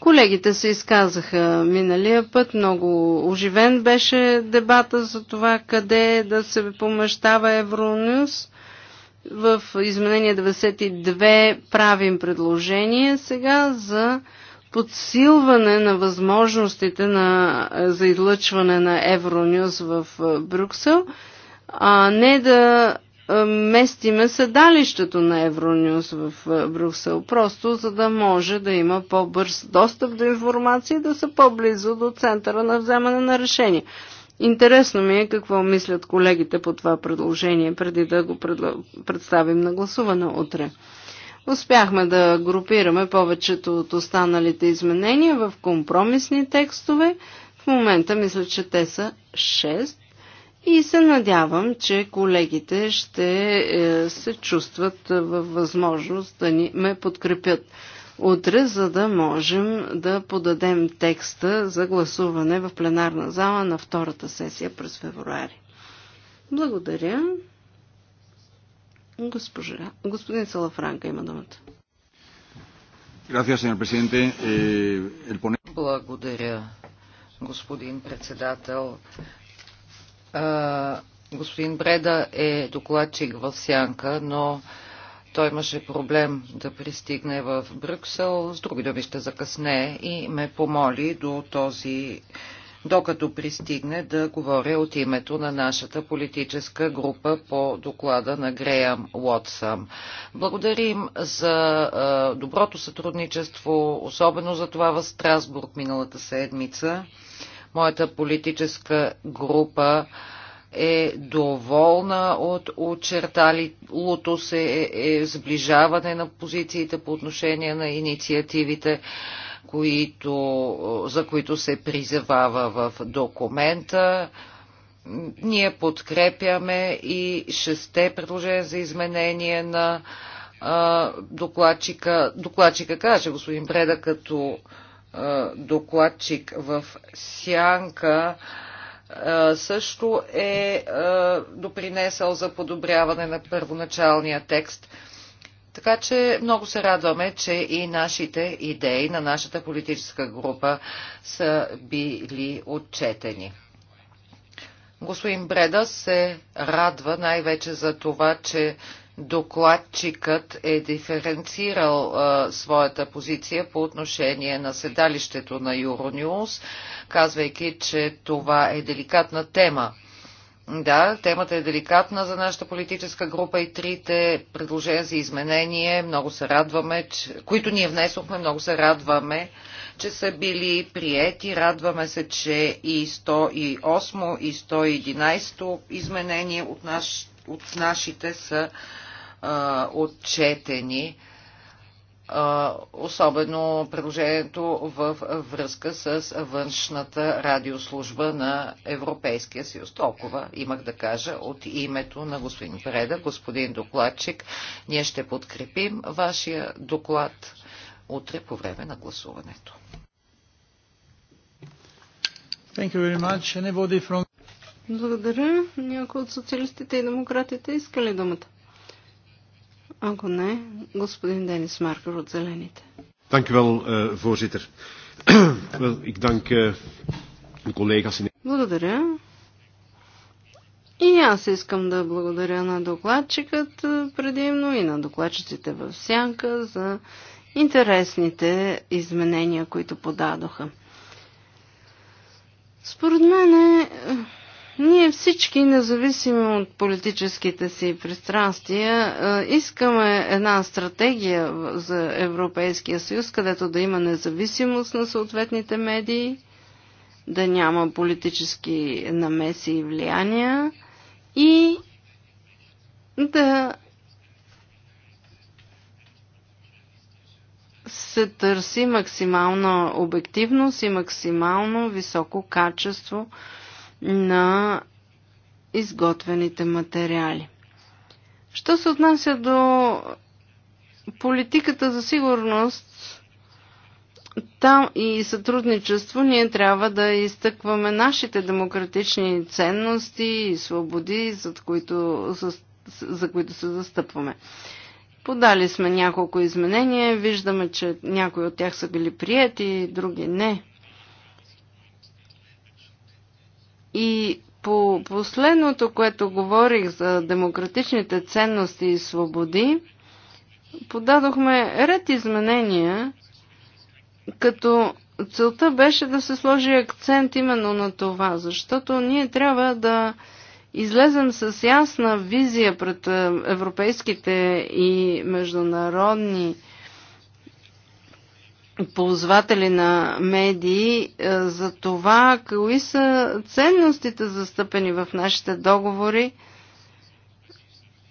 Колегите се изказаха миналия път, много оживен беше дебата за това къде да се помещава Евронюс. В изменение 92 правим предложение сега за подсилване на възможностите на, за излъчване на Евронюс в Брюксел, а не да е, местиме седалището на Евронюс в е, Брюксел, просто за да може да има по-бърз достъп до информация и да са по-близо до центъра на вземане на решение. Интересно ми е какво мислят колегите по това предложение, преди да го представим на гласуване утре. Успяхме да групираме повечето от останалите изменения в компромисни текстове. В момента мисля, че те са и се надявам, че колегите ще е, се чувстват е, във възможност да ни ме подкрепят утре, за да можем да подадем текста за гласуване в пленарна зала на втората сесия през февруари. Благодаря. Госпожа, господин Салафранка има думата. Eh, Благодаря, господин председател. Господин Бреда е докладчик в Сянка, но той имаше проблем да пристигне в Брюксел. С други думи ще закъсне и ме помоли до този докато пристигне да говоря от името на нашата политическа група по доклада на Греям Уотсъм. Благодарим за доброто сътрудничество, особено за това в Страсбург миналата седмица. Моята политическа група е доволна от лото се е, е, сближаване на позициите по отношение на инициативите, които, за които се призевава в документа. Ние подкрепяме и шесте предложения за изменение на а, докладчика. Докладчика каже господин Бреда като докладчик в Сянка също е допринесъл за подобряване на първоначалния текст. Така че много се радваме, че и нашите идеи на нашата политическа група са били отчетени. Господин Бреда се радва най-вече за това, че докладчикът е диференцирал а, своята позиция по отношение на седалището на Euronews, казвайки, че това е деликатна тема. Да, темата е деликатна за нашата политическа група и трите предложения за изменение. Много се радваме, че, които ние внесохме, много се радваме, че са били приети. Радваме се, че и 108 и 111 изменение от, наш, от нашите са а, отчетени, а, особено предложението в връзка с външната радиослужба на Европейския съюз. Толкова имах да кажа от името на господин Преда, господин докладчик. Ние ще подкрепим вашия доклад утре по време на гласуването. From... Благодаря. Някои от социалистите и демократите искали думата? Ако не, господин Денис Маркър от Зелените. Благодаря. И аз искам да благодаря на докладчикът е, предимно и на докладчиците в Сянка за интересните изменения, които подадоха. Според мен е ние всички, независимо от политическите си пристрастия, искаме една стратегия за Европейския съюз, където да има независимост на съответните медии, да няма политически намеси и влияния и да се търси максимална обективност и максимално високо качество на изготвените материали. Що се отнася до политиката за сигурност, там и сътрудничество ние трябва да изтъкваме нашите демократични ценности и свободи, за които, за, за които се застъпваме. Подали сме няколко изменения, виждаме, че някои от тях са били прияти, други не. И по последното, което говорих за демократичните ценности и свободи, подадохме ред изменения, като целта беше да се сложи акцент именно на това, защото ние трябва да излезем с ясна визия пред е, европейските и международни ползватели на медии е, за това, кои са ценностите застъпени в нашите договори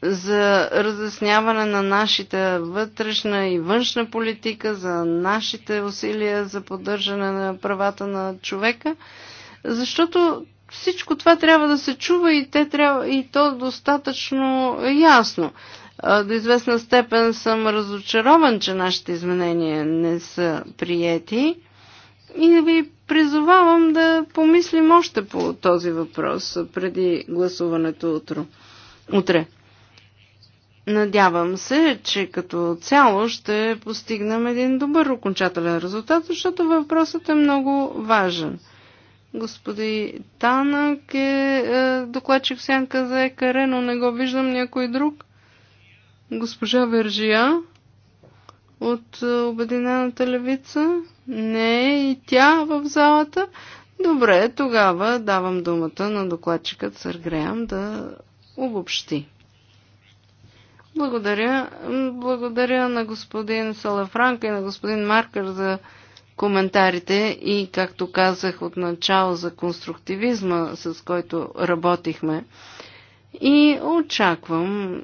за разясняване на нашата вътрешна и външна политика, за нашите усилия за поддържане на правата на човека, защото всичко това трябва да се чува и, те трябва, и то достатъчно ясно. До известна степен съм разочарован, че нашите изменения не са приети и ви призовавам да помислим още по този въпрос преди гласуването утро. утре. Надявам се, че като цяло ще постигнем един добър окончателен резултат, защото въпросът е много важен. Господи Танък е, е докладчик сянка за екаре, но не го виждам някой друг. Госпожа Вержия от е, Обединената левица? Не, е и тя в залата. Добре, тогава давам думата на докладчикът Съргреям да обобщи. Благодаря. Благодаря на господин Салафранк и на господин Маркър за коментарите и, както казах от начало, за конструктивизма, с който работихме. И очаквам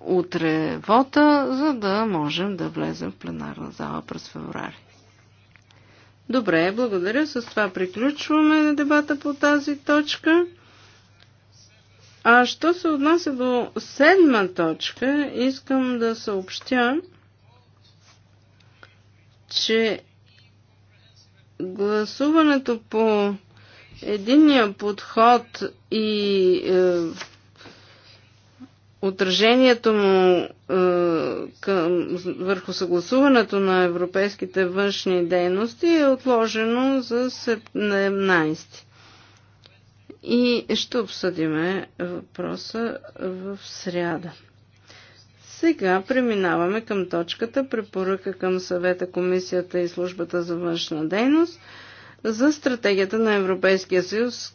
утре вота, за да можем да влезем в пленарна зала през феврари. Добре, благодаря. С това приключваме дебата по тази точка. А що се отнася до седма точка, искам да съобщя, че гласуването по единия подход и е, отражението му е, към, върху съгласуването на европейските външни дейности е отложено за 17. И ще обсъдиме въпроса в сряда. Сега преминаваме към точката препоръка към съвета, комисията и службата за външна дейност за стратегията на Европейския съюз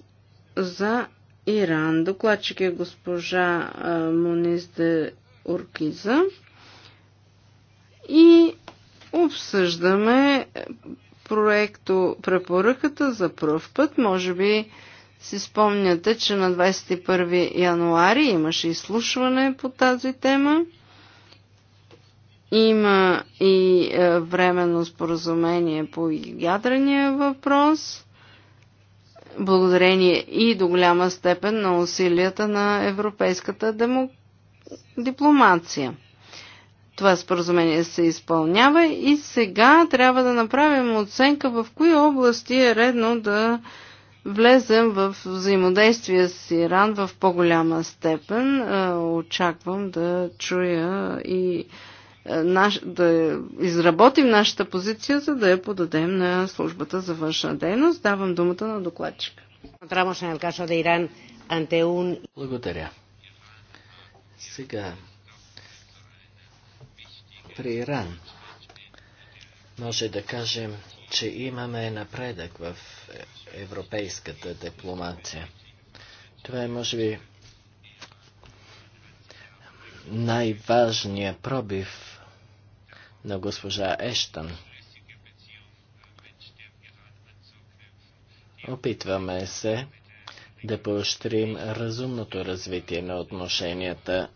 за Иран. Докладчик е госпожа Монис де Уркиза. И обсъждаме проекто препоръката за пръв път. Може би си спомняте, че на 21 януари имаше изслушване по тази тема. Има и временно споразумение по ядрения въпрос благодарение и до голяма степен на усилията на европейската демо... дипломация. Това споразумение се изпълнява и сега трябва да направим оценка в кои области е редно да влезем в взаимодействие с Иран в по-голяма степен. Е, очаквам да чуя и е, наш, да изработим нашата позиция, за да я подадем на службата за външна дейност. Давам думата на докладчика. Благодаря. Сега при Иран може да кажем, че имаме напредък в европейската дипломация. Това е, може би, най-важният пробив на госпожа Ештън. Опитваме се да поощрим разумното развитие на отношенията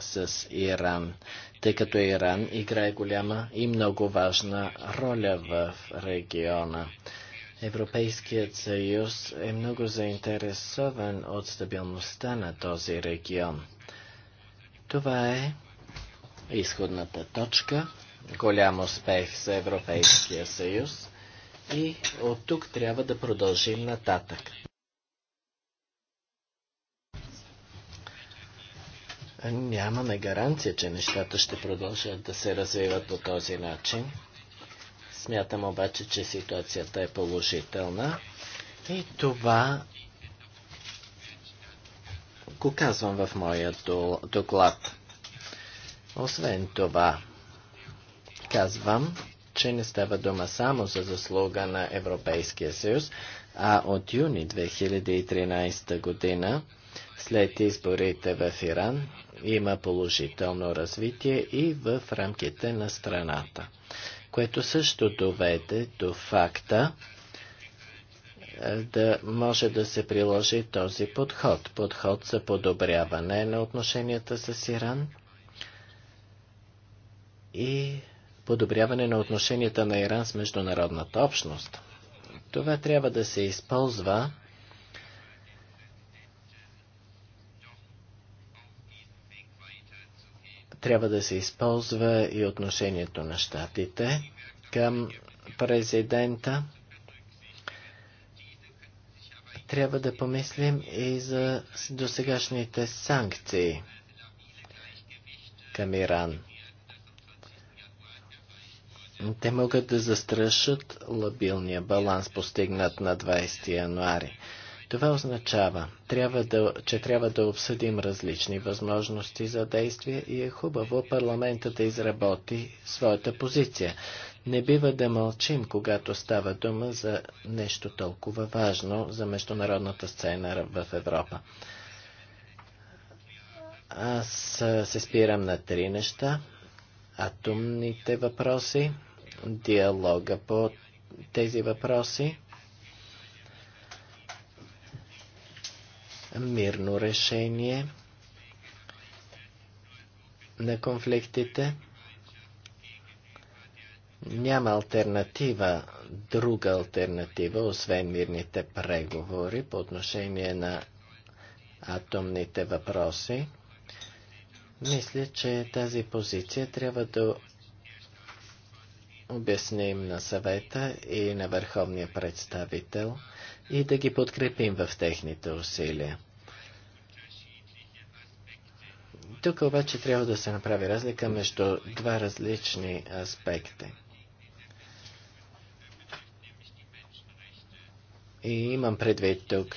с Иран, тъй като Иран играе голяма и много важна роля в региона. Европейският съюз е много заинтересован от стабилността на този регион. Това е изходната точка голям успех за Европейския съюз и от тук трябва да продължим нататък. Нямаме гаранция, че нещата ще продължат да се развиват по този начин. Смятам обаче, че ситуацията е положителна и това го казвам в моя доклад. Освен това, казвам, че не става дума само за заслуга на Европейския съюз, а от юни 2013 година, след изборите в Иран, има положително развитие и в рамките на страната, което също доведе до факта, е, да може да се приложи този подход. Подход за подобряване на отношенията с Иран и подобряване на отношенията на Иран с международната общност. Това трябва да се използва трябва да се използва и отношението на щатите към президента. Трябва да помислим и за досегашните санкции към Иран. Те могат да застрашат лабилния баланс, постигнат на 20 януари. Това означава, трябва да, че трябва да обсъдим различни възможности за действие и е хубаво парламента да изработи своята позиция. Не бива да мълчим, когато става дума за нещо толкова важно за международната сцена в Европа. Аз се спирам на три неща. Атомните въпроси, диалога по тези въпроси. Мирно решение на конфликтите. Няма альтернатива, друга альтернатива, освен мирните преговори по отношение на атомните въпроси. Мисля, че тази позиция трябва да обясним на съвета и на върховния представител и да ги подкрепим в техните усилия. Тук обаче трябва да се направи разлика между два различни аспекти. И имам предвид тук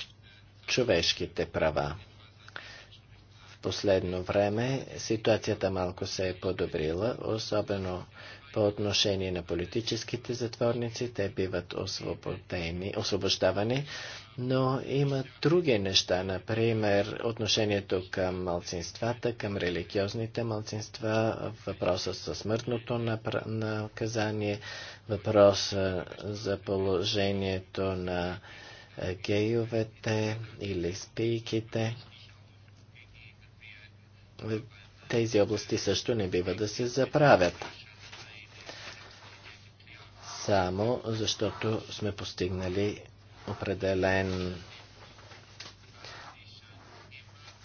човешките права. В последно време ситуацията малко се е подобрила, особено по отношение на политическите затворници, те биват освободени, освобождавани, но има други неща, например отношението към малцинствата, към религиозните малцинства, въпроса със смъртното наказание, въпроса за положението на е, гейовете или спийките, Тези области също не бива да се заправят само защото сме постигнали определен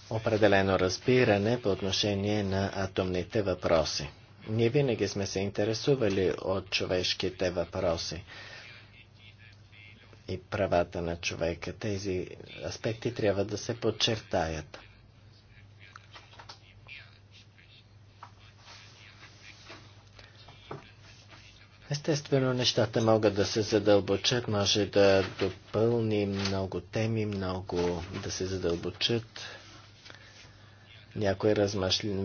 определено разбиране по отношение на атомните въпроси. Ние винаги сме се интересували от човешките въпроси и правата на човека. Тези аспекти трябва да се подчертаят. Естествено, нещата могат да се задълбочат, може да допълни много теми, много да се задълбочат някои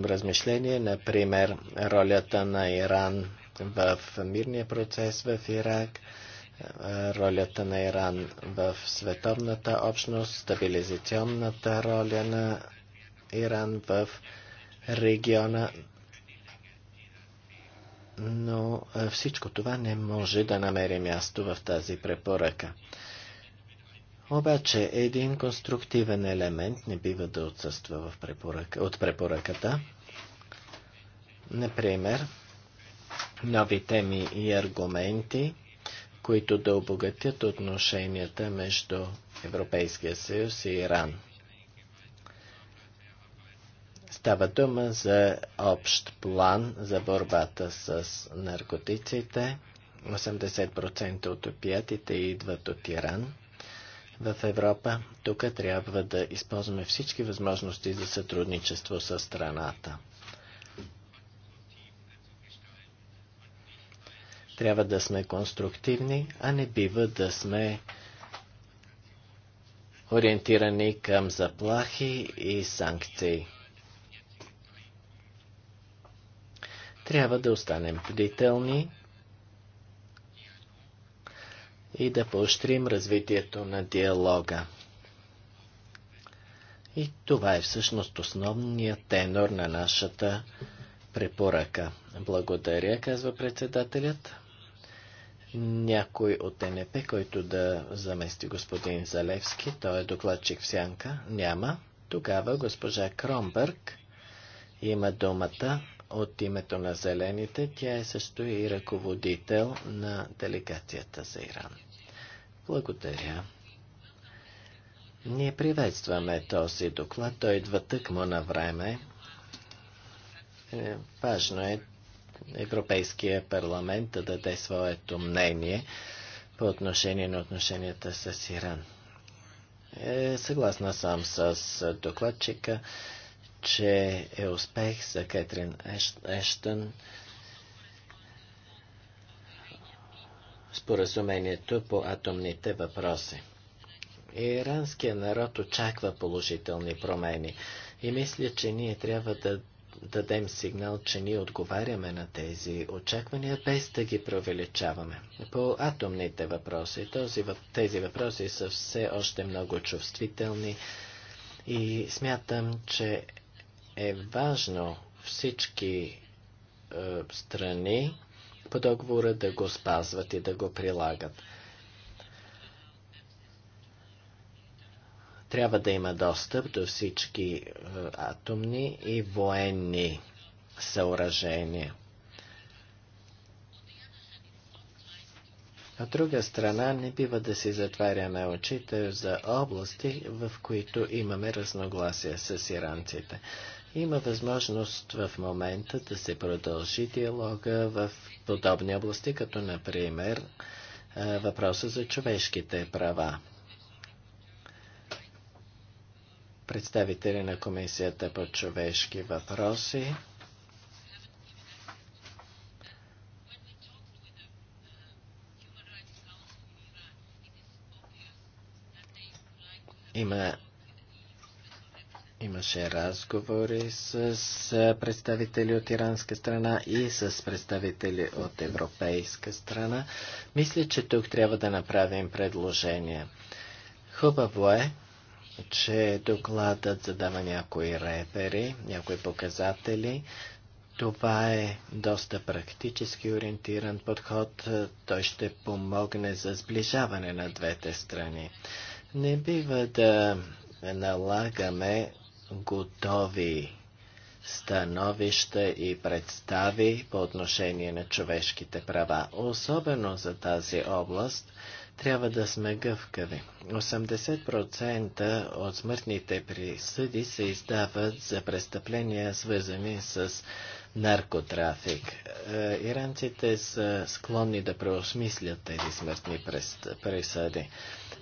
размишления, например ролята на Иран в мирния процес в Ирак, ролята на Иран в световната общност, стабилизационната роля на Иран в региона но е, всичко това не може да намери място в тази препоръка. Обаче един конструктивен елемент не бива да отсъства в препоръка, от препоръката. Например, нови теми и аргументи, които да обогатят отношенията между Европейския съюз и Иран. Става дума за общ план за борбата с наркотиците. 80% от опиятите идват от Иран в Европа. Тук трябва да използваме всички възможности за сътрудничество с страната. Трябва да сме конструктивни, а не бива да сме ориентирани към заплахи и санкции. Трябва да останем бдителни и да поощрим развитието на диалога. И това е всъщност основният тенор на нашата препоръка. Благодаря, казва председателят. Някой от НП, който да замести господин Залевски, той е докладчик в сянка, няма. Тогава госпожа Кромбърг има думата от името на Зелените. Тя е също и ръководител на делегацията за Иран. Благодаря. Ние приветстваме този доклад. Той идва тъкмо на време. Е, важно е Европейския парламент да даде своето мнение по отношение на отношенията с Иран. Е, съгласна съм с докладчика че е успех за Кетрин Ештън споразумението по атомните въпроси. Иранският народ очаква положителни промени и мисля, че ние трябва да дадем сигнал, че ние отговаряме на тези очаквания, без да ги провеличаваме. По атомните въпроси, този, тези въпроси са все още много чувствителни и смятам, че е важно всички е, страни по договора да го спазват и да го прилагат. Трябва да има достъп до всички е, атомни и военни съоръжения. От друга страна, не бива да си затваряме очите за области, в които имаме разногласия с иранците. Има възможност в момента да се продължи диалога в подобни области, като например е, въпроса за човешките права. Представители на Комисията по човешки въпроси има Имаше разговори с представители от иранска страна и с представители от европейска страна. Мисля, че тук трябва да направим предложение. Хубаво е, че докладът задава някои репери, някои показатели. Това е доста практически ориентиран подход. Той ще помогне за сближаване на двете страни. Не бива да налагаме готови становища и представи по отношение на човешките права. Особено за тази област трябва да сме гъвкави. 80% от смъртните присъди се издават за престъпления, свързани с наркотрафик. Е, иранците са склонни да преосмислят тези смъртни присъди.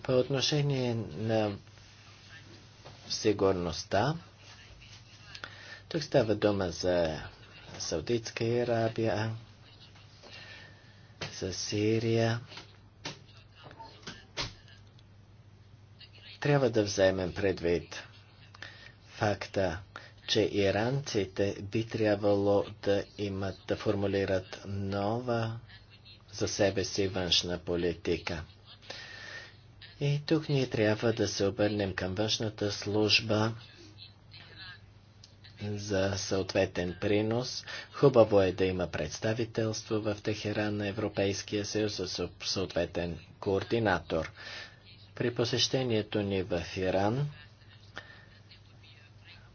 По отношение на сигурността. Тук става дума за Саудитска Арабия, за Сирия. Трябва да вземем предвид факта, че иранците би трябвало да имат да формулират нова за себе си външна политика. И тук ние трябва да се обърнем към външната служба за съответен принос. Хубаво е да има представителство в Техеран на Европейския съюз за съответен координатор. При посещението ни в Иран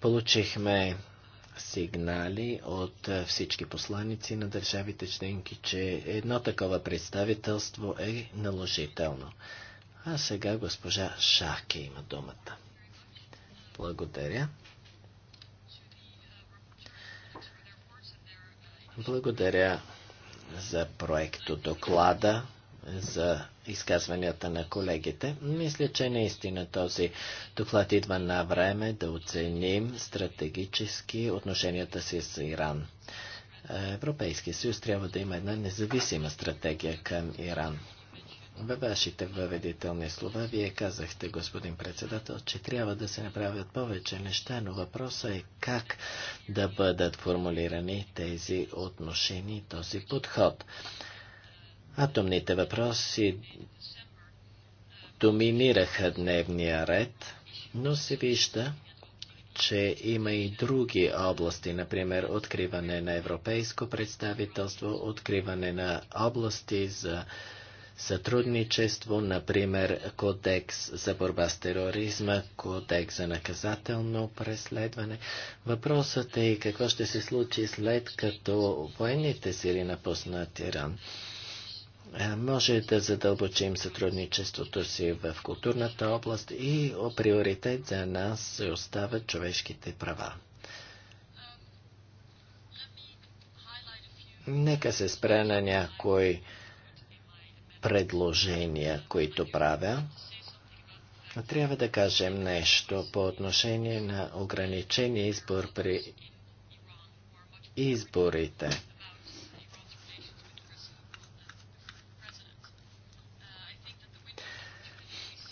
получихме сигнали от всички посланици на държавите членки, че едно такова представителство е наложително. А сега госпожа Шахке има думата. Благодаря. Благодаря за проекто доклада, за изказванията на колегите. Мисля, че наистина този доклад идва на време да оценим стратегически отношенията си с Иран. Европейския съюз трябва да има една независима стратегия към Иран. Във вашите въведителни слова вие казахте, господин председател, че трябва да се направят повече неща, но въпросът е как да бъдат формулирани тези отношения и този подход. Атомните въпроси доминираха дневния ред, но се вижда, че има и други области, например откриване на европейско представителство, откриване на области за сътрудничество, например Кодекс за борба с тероризма, Кодекс за наказателно преследване. Въпросът е какво ще се случи след като военните сили напуснат Иран. Е, може да задълбочим сътрудничеството си в културната област и о приоритет за нас се остават човешките права. Нека се спре на някой предложения, които правя, трябва да кажем нещо по отношение на ограничения избор при изборите.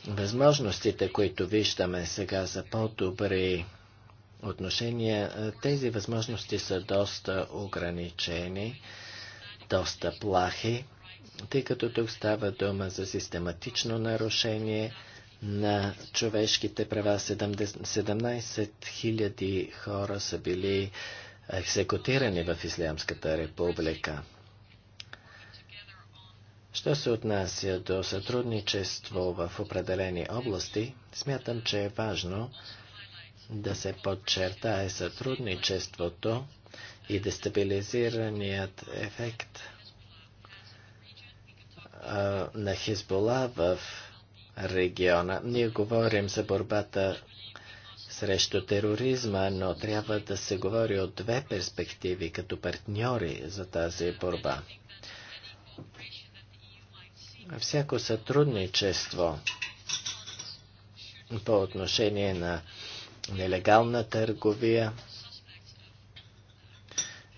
Възможностите, които виждаме сега за по-добри отношения, тези възможности са доста ограничени, доста плахи тъй като тук става дума за систематично нарушение на човешките права. 17 000 хора са били екзекутирани в Ислямската република. Що се отнася до сътрудничество в определени области, смятам, че е важно да се подчертае сътрудничеството и дестабилизираният ефект а, на Хизбола в региона. Ние говорим за борбата срещу тероризма, но трябва да се говори от две перспективи като партньори за тази борба. Всяко сътрудничество по отношение на нелегална търговия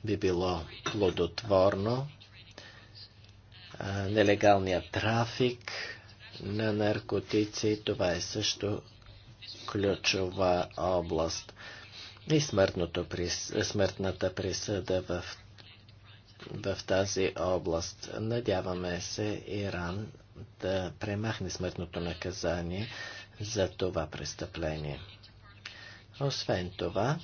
би било плодотворно нелегалния трафик на наркотици. Това е също ключова област. И смъртната присъда в... в тази област. Надяваме се Иран да премахне смъртното наказание за това престъпление. Освен това,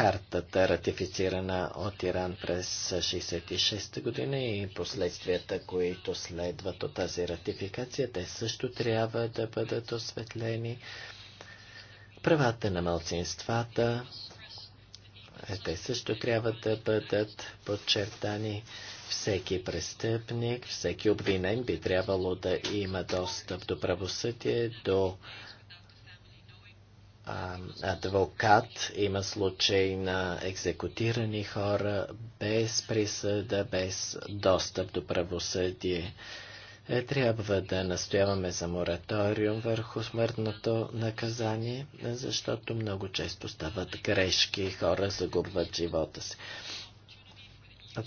хартата, ратифицирана от Иран през 1966 година и последствията, които следват от тази ратификация, те също трябва да бъдат осветлени. Правата на малцинствата, е, те също трябва да бъдат подчертани. Всеки престъпник, всеки обвинен би трябвало да има достъп до правосъдие, до адвокат, има случаи на екзекутирани хора без присъда, без достъп до правосъдие. Е, трябва да настояваме за мораториум върху смъртното наказание, защото много често стават грешки и хора загубват живота си.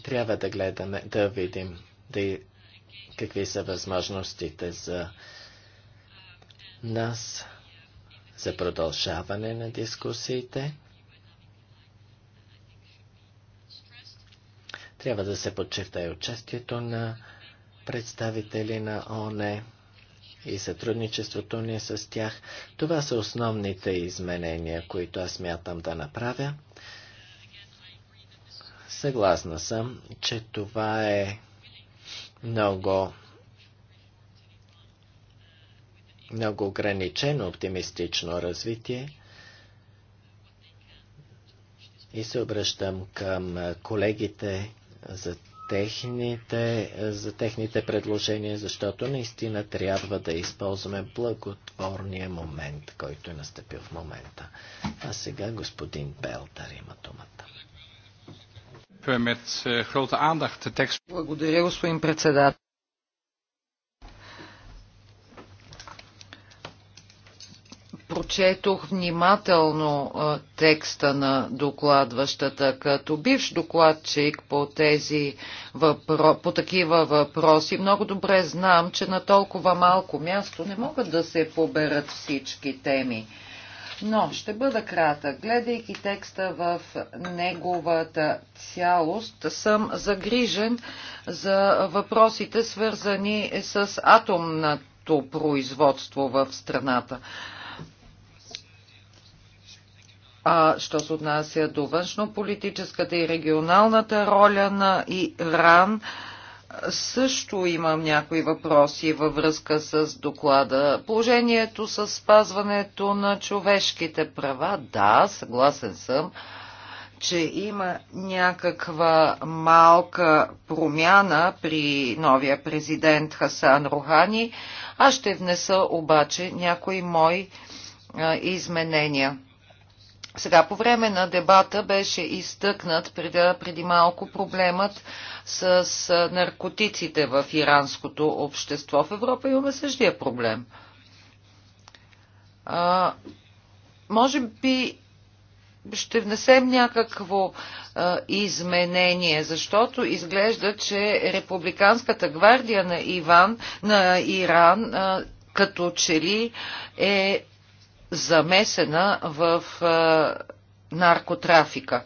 Трябва да гледаме, да видим да, какви са възможностите за нас за продължаване на дискусиите. Трябва да се подчертае участието на представители на ОНЕ и сътрудничеството ни е с тях. Това са основните изменения, които аз мятам да направя. Съгласна съм, че това е много много ограничено оптимистично развитие. И се обръщам към колегите за техните, за техните предложения, защото наистина трябва да използваме благотворния момент, който е настъпил в момента. А сега господин Белтар има думата. Е, Благодаря, господин председател. прочетох внимателно текста на докладващата. Като бивш докладчик по, тези въпро... по такива въпроси, много добре знам, че на толкова малко място не могат да се поберат всички теми. Но ще бъда кратък. Гледайки текста в неговата цялост, съм загрижен за въпросите, свързани с атомната производство в страната. А що се отнася до външнополитическата и регионалната роля на Иран, също имам някои въпроси във връзка с доклада. Положението с спазването на човешките права, да, съгласен съм, че има някаква малка промяна при новия президент Хасан Рухани. Аз ще внеса обаче някои мои а, изменения. Сега, по време на дебата беше изтъкнат преди, преди малко проблемът с наркотиците в иранското общество. В Европа имаме същия проблем. А, може би ще внесем някакво а, изменение, защото изглежда, че Републиканската гвардия на Иван, на Иран а, като че ли е замесена в е, наркотрафика.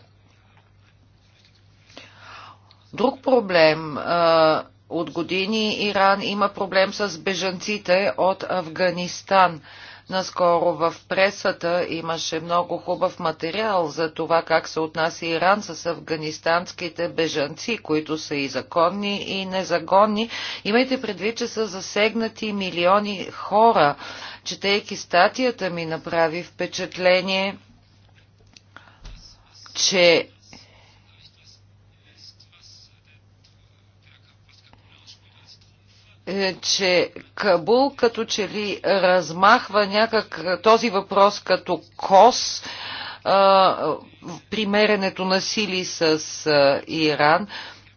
Друг проблем. Е, от години Иран има проблем с бежанците от Афганистан. Наскоро в пресата имаше много хубав материал за това как се отнася Иран с афганистанските бежанци, които са и законни, и незаконни. Имайте предвид, че са засегнати милиони хора Четейки статията ми направи впечатление, че е, че Кабул като че ли размахва някак този въпрос като кос а, примеренето на сили с а, Иран,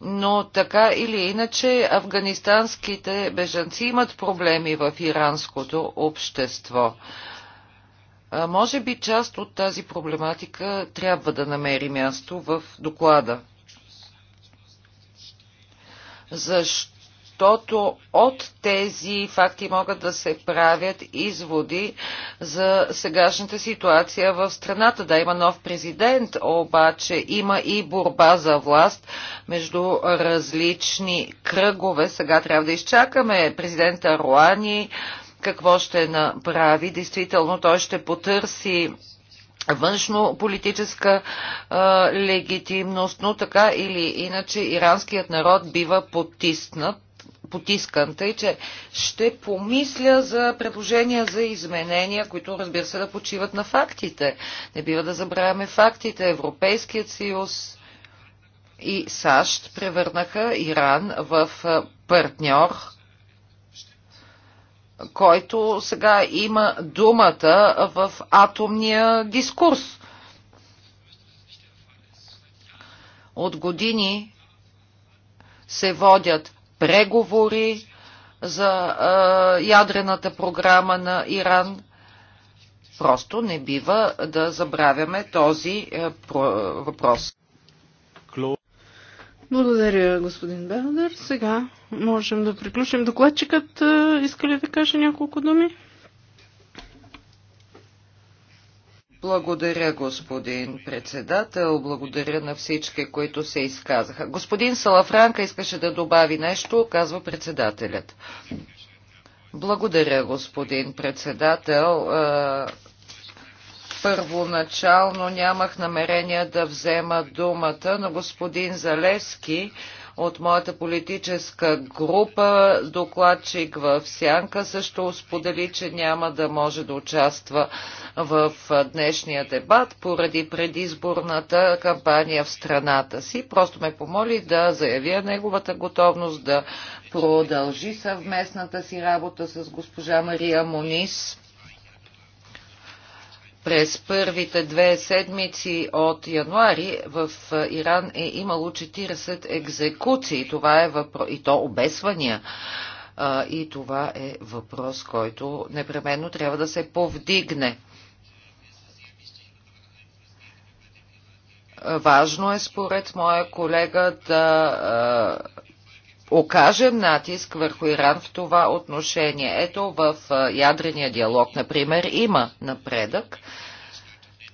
но така или иначе афганистанските бежанци имат проблеми в иранското общество. Може би част от тази проблематика трябва да намери място в доклада. Защо? защото от тези факти могат да се правят изводи за сегашната ситуация в страната. Да, има нов президент, обаче има и борба за власт между различни кръгове. Сега трябва да изчакаме президента Руани какво ще направи. Действително той ще потърси външно-политическа легитимност, но така или иначе иранският народ бива потиснат потискан, тъй че ще помисля за предложения за изменения, които разбира се да почиват на фактите. Не бива да забравяме фактите. Европейският съюз и САЩ превърнаха Иран в партньор, който сега има думата в атомния дискурс. От години се водят преговори за а, ядрената програма на Иран. Просто не бива да забравяме този а, е, про, въпрос. Благодаря, господин Белдер. Сега можем да приключим. Докладчикът е, иска ли да каже няколко думи? Благодаря, господин председател. Благодаря на всички, които се изказаха. Господин Салафранка искаше да добави нещо, казва председателят. Благодаря, господин председател. Е, Първоначално нямах намерение да взема думата, но господин Залески от моята политическа група, докладчик в Сянка, също сподели, че няма да може да участва в днешния дебат поради предизборната кампания в страната си. Просто ме помоли да заявя неговата готовност да продължи съвместната си работа с госпожа Мария Монис през първите две седмици от януари в е, Иран е имало 40 екзекуции. Това е въпро... И то обесвания. и това е въпрос, който непременно трябва да се повдигне. Важно е, според моя колега, да окажем натиск върху Иран в това отношение. Ето в ядрения диалог, например, има напредък,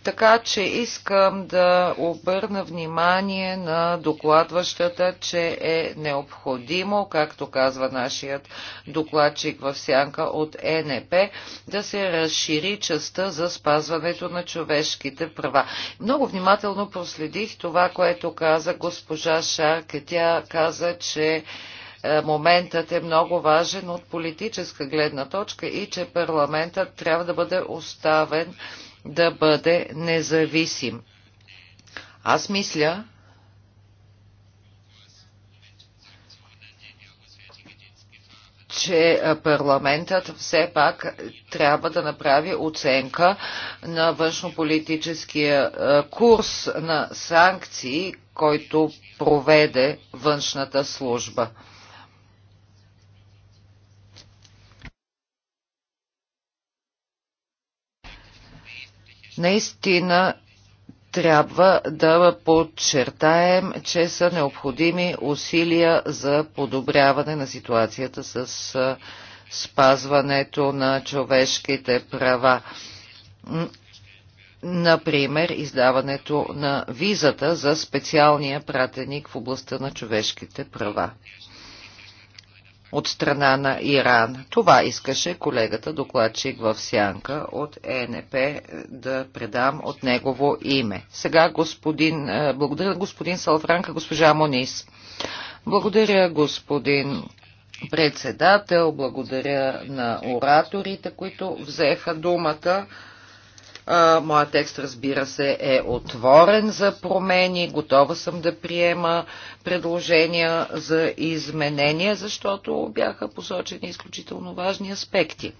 така че искам да обърна внимание на докладващата, че е необходимо, както казва нашият докладчик в сянка от ЕНП, да се разшири частта за спазването на човешките права. Много внимателно проследих това, което каза госпожа Шарке. Тя каза, че е, моментът е много важен от политическа гледна точка и че парламентът трябва да бъде оставен да бъде независим. Аз мисля, че парламентът все пак трябва да направи оценка на външнополитическия курс на санкции, който проведе външната служба. Наистина трябва да подчертаем, че са необходими усилия за подобряване на ситуацията с спазването на човешките права. Например, издаването на визата за специалния пратеник в областта на човешките права от страна на Иран. Това искаше колегата докладчик в Сянка от ЕНП да предам от негово име. Сега господин, е, благодаря господин Салфранка, госпожа Монис. Благодаря господин председател, благодаря на ораторите, които взеха думата. Моя текст, разбира се, е отворен за промени. Готова съм да приема предложения за изменения, защото бяха посочени изключително важни аспекти.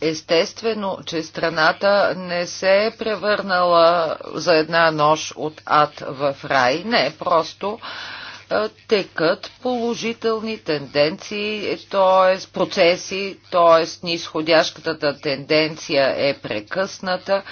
Естествено, че страната не се е превърнала за една нощ от ад в рай. Не, просто а, е, текат положителни тенденции, т.е. процеси, т.е. нисходящата тенденция е прекъсната.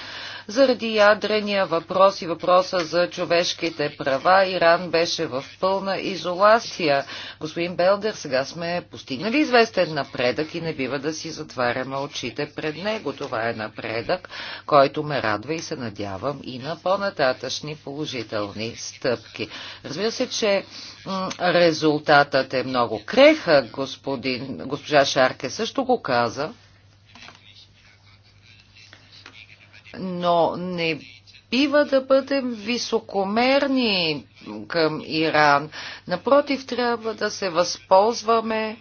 Заради ядрения въпрос и въпроса за човешките права Иран беше в пълна изолация. Господин Белдер, сега сме постигнали известен напредък и не бива да си затваряме очите пред него. Това е напредък, който ме радва и се надявам и на по-нататъчни положителни стъпки. Разбира се, че резултатът е много крехък, господин, госпожа Шарке също го каза. но не бива да бъдем високомерни към Иран. Напротив, трябва да се възползваме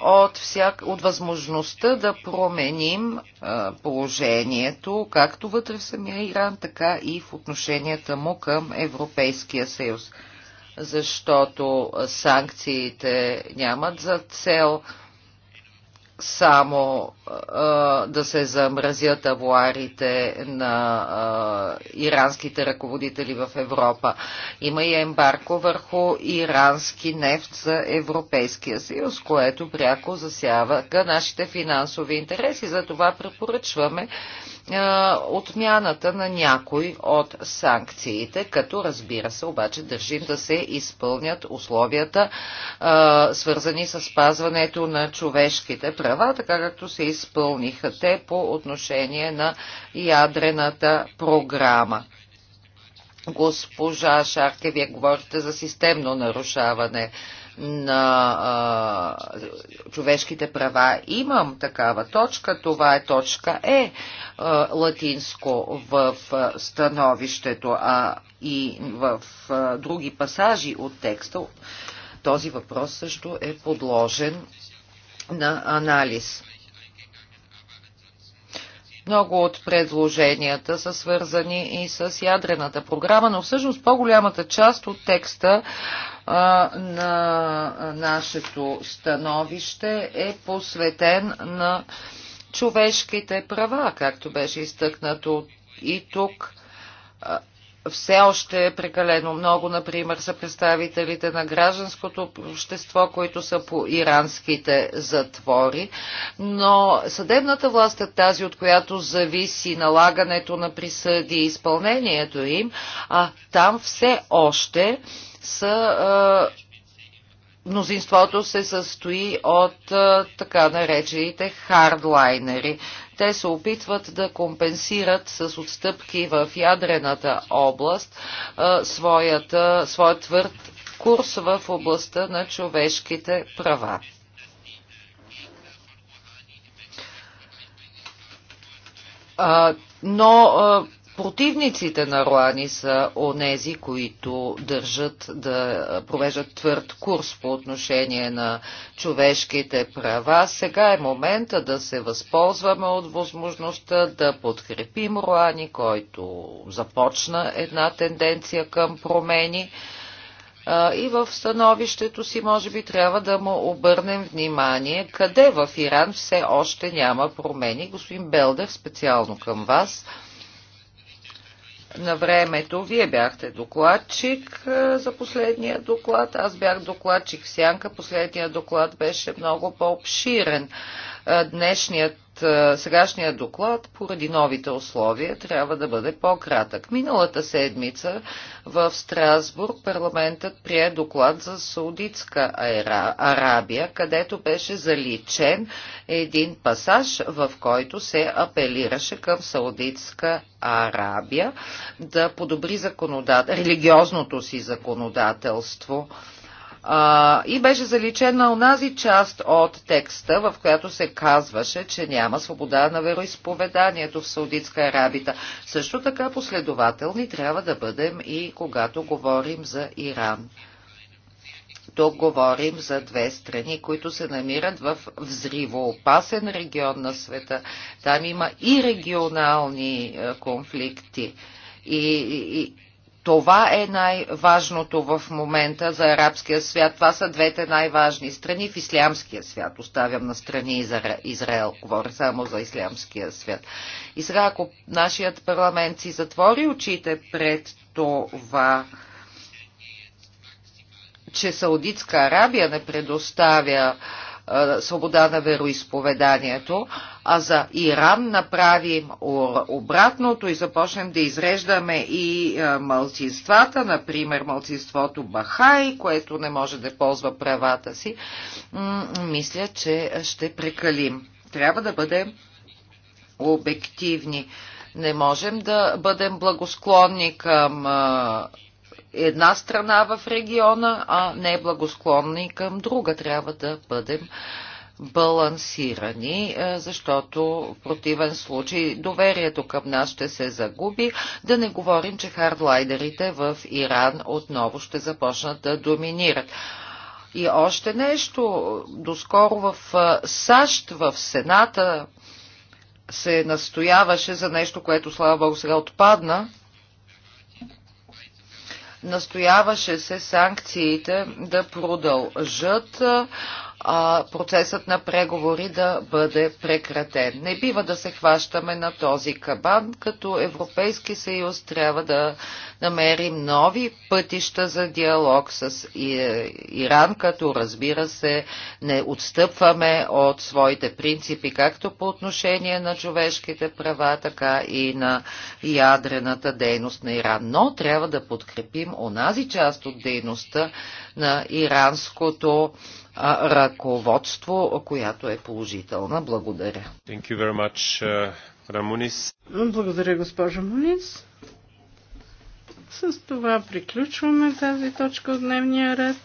от, всяк, от възможността да променим а, положението, както вътре в самия Иран, така и в отношенията му към Европейския съюз. Защото санкциите нямат за цел само а, да се замразят авуарите на а, иранските ръководители в Европа. Има и ембарко върху ирански нефт за Европейския съюз, което пряко засява нашите финансови интереси. Затова препоръчваме е, отмяната на някой от санкциите, като разбира се обаче държим да се изпълнят условията а, е, свързани с спазването на човешките права, така както се изпълниха те по отношение на ядрената програма. Госпожа Шарке, вие говорите за системно нарушаване на а, човешките права. Имам такава точка, това е точка Е, а, латинско в становището, а и в а, други пасажи от текста. Този въпрос също е подложен на анализ. Много от предложенията са свързани и с ядрената програма, но всъщност по-голямата част от текста а, на нашето становище е посветен на човешките права, както беше изтъкнато и тук. А, все още е прекалено много, например, са представителите на гражданското общество, които са по иранските затвори. Но съдебната власт е тази, от която зависи налагането на присъди и изпълнението им, а там все още са. мнозинството се състои от а, така наречените хардлайнери. Те се опитват да компенсират с отстъпки в ядрената област своята, своят твърд курс в областта на човешките права. но Противниците на Руани са онези, които държат да провеждат твърд курс по отношение на човешките права. Сега е момента да се възползваме от възможността да подкрепим Руани, който започна една тенденция към промени. И в становището си, може би, трябва да му обърнем внимание къде в Иран все още няма промени. Господин Белдер, специално към вас на времето. Вие бяхте докладчик за последния доклад, аз бях докладчик в Сянка, последния доклад беше много по-обширен. Днешният сегашния доклад поради новите условия трябва да бъде по-кратък. Миналата седмица в Страсбург парламентът прие доклад за Саудитска Арабия, където беше заличен един пасаж, в който се апелираше към Саудитска Арабия да подобри законодател... религиозното си законодателство а, и беше заличена онази част от текста, в която се казваше, че няма свобода на вероисповеданието в Саудитска Арабита. Също така последователни трябва да бъдем и когато говорим за Иран. Тук говорим за две страни, които се намират в взривоопасен регион на света. Там има и регионални е, конфликти. И, и, това е най-важното в момента за арабския свят. Това са двете най-важни страни в ислямския свят. Оставям на страни Израел. Говоря само за ислямския свят. И сега, ако нашият парламент си затвори очите пред това, че Саудитска Арабия не предоставя е, свобода на вероисповеданието, а за Иран направим обратното и започнем да изреждаме и е, малцинствата, например малцинството Бахай, което не може да ползва правата си, мисля, че ще прекалим. Трябва да бъдем обективни. Не можем да бъдем благосклонни към е, една страна в региона, а не и към друга. Трябва да бъдем балансирани, е, защото в противен случай доверието към нас ще се загуби. Да не говорим, че хардлайдерите в Иран отново ще започнат да доминират. И още нещо, доскоро в е, САЩ, в Сената се настояваше за нещо, което слава Богу сега отпадна, Настояваше се санкциите да продължат а, процесът на преговори да бъде прекратен. Не бива да се хващаме на този кабан, като Европейски съюз трябва да намерим нови пътища за диалог с Иран, като разбира се не отстъпваме от своите принципи, както по отношение на човешките права, така и на ядрената дейност на Иран. Но трябва да подкрепим онази част от дейността на иранското ръководство, която е положителна. Благодаря. Thank you very much, Рамунис. Uh, Благодаря, госпожа Мунис. С това приключваме тази точка от дневния ред.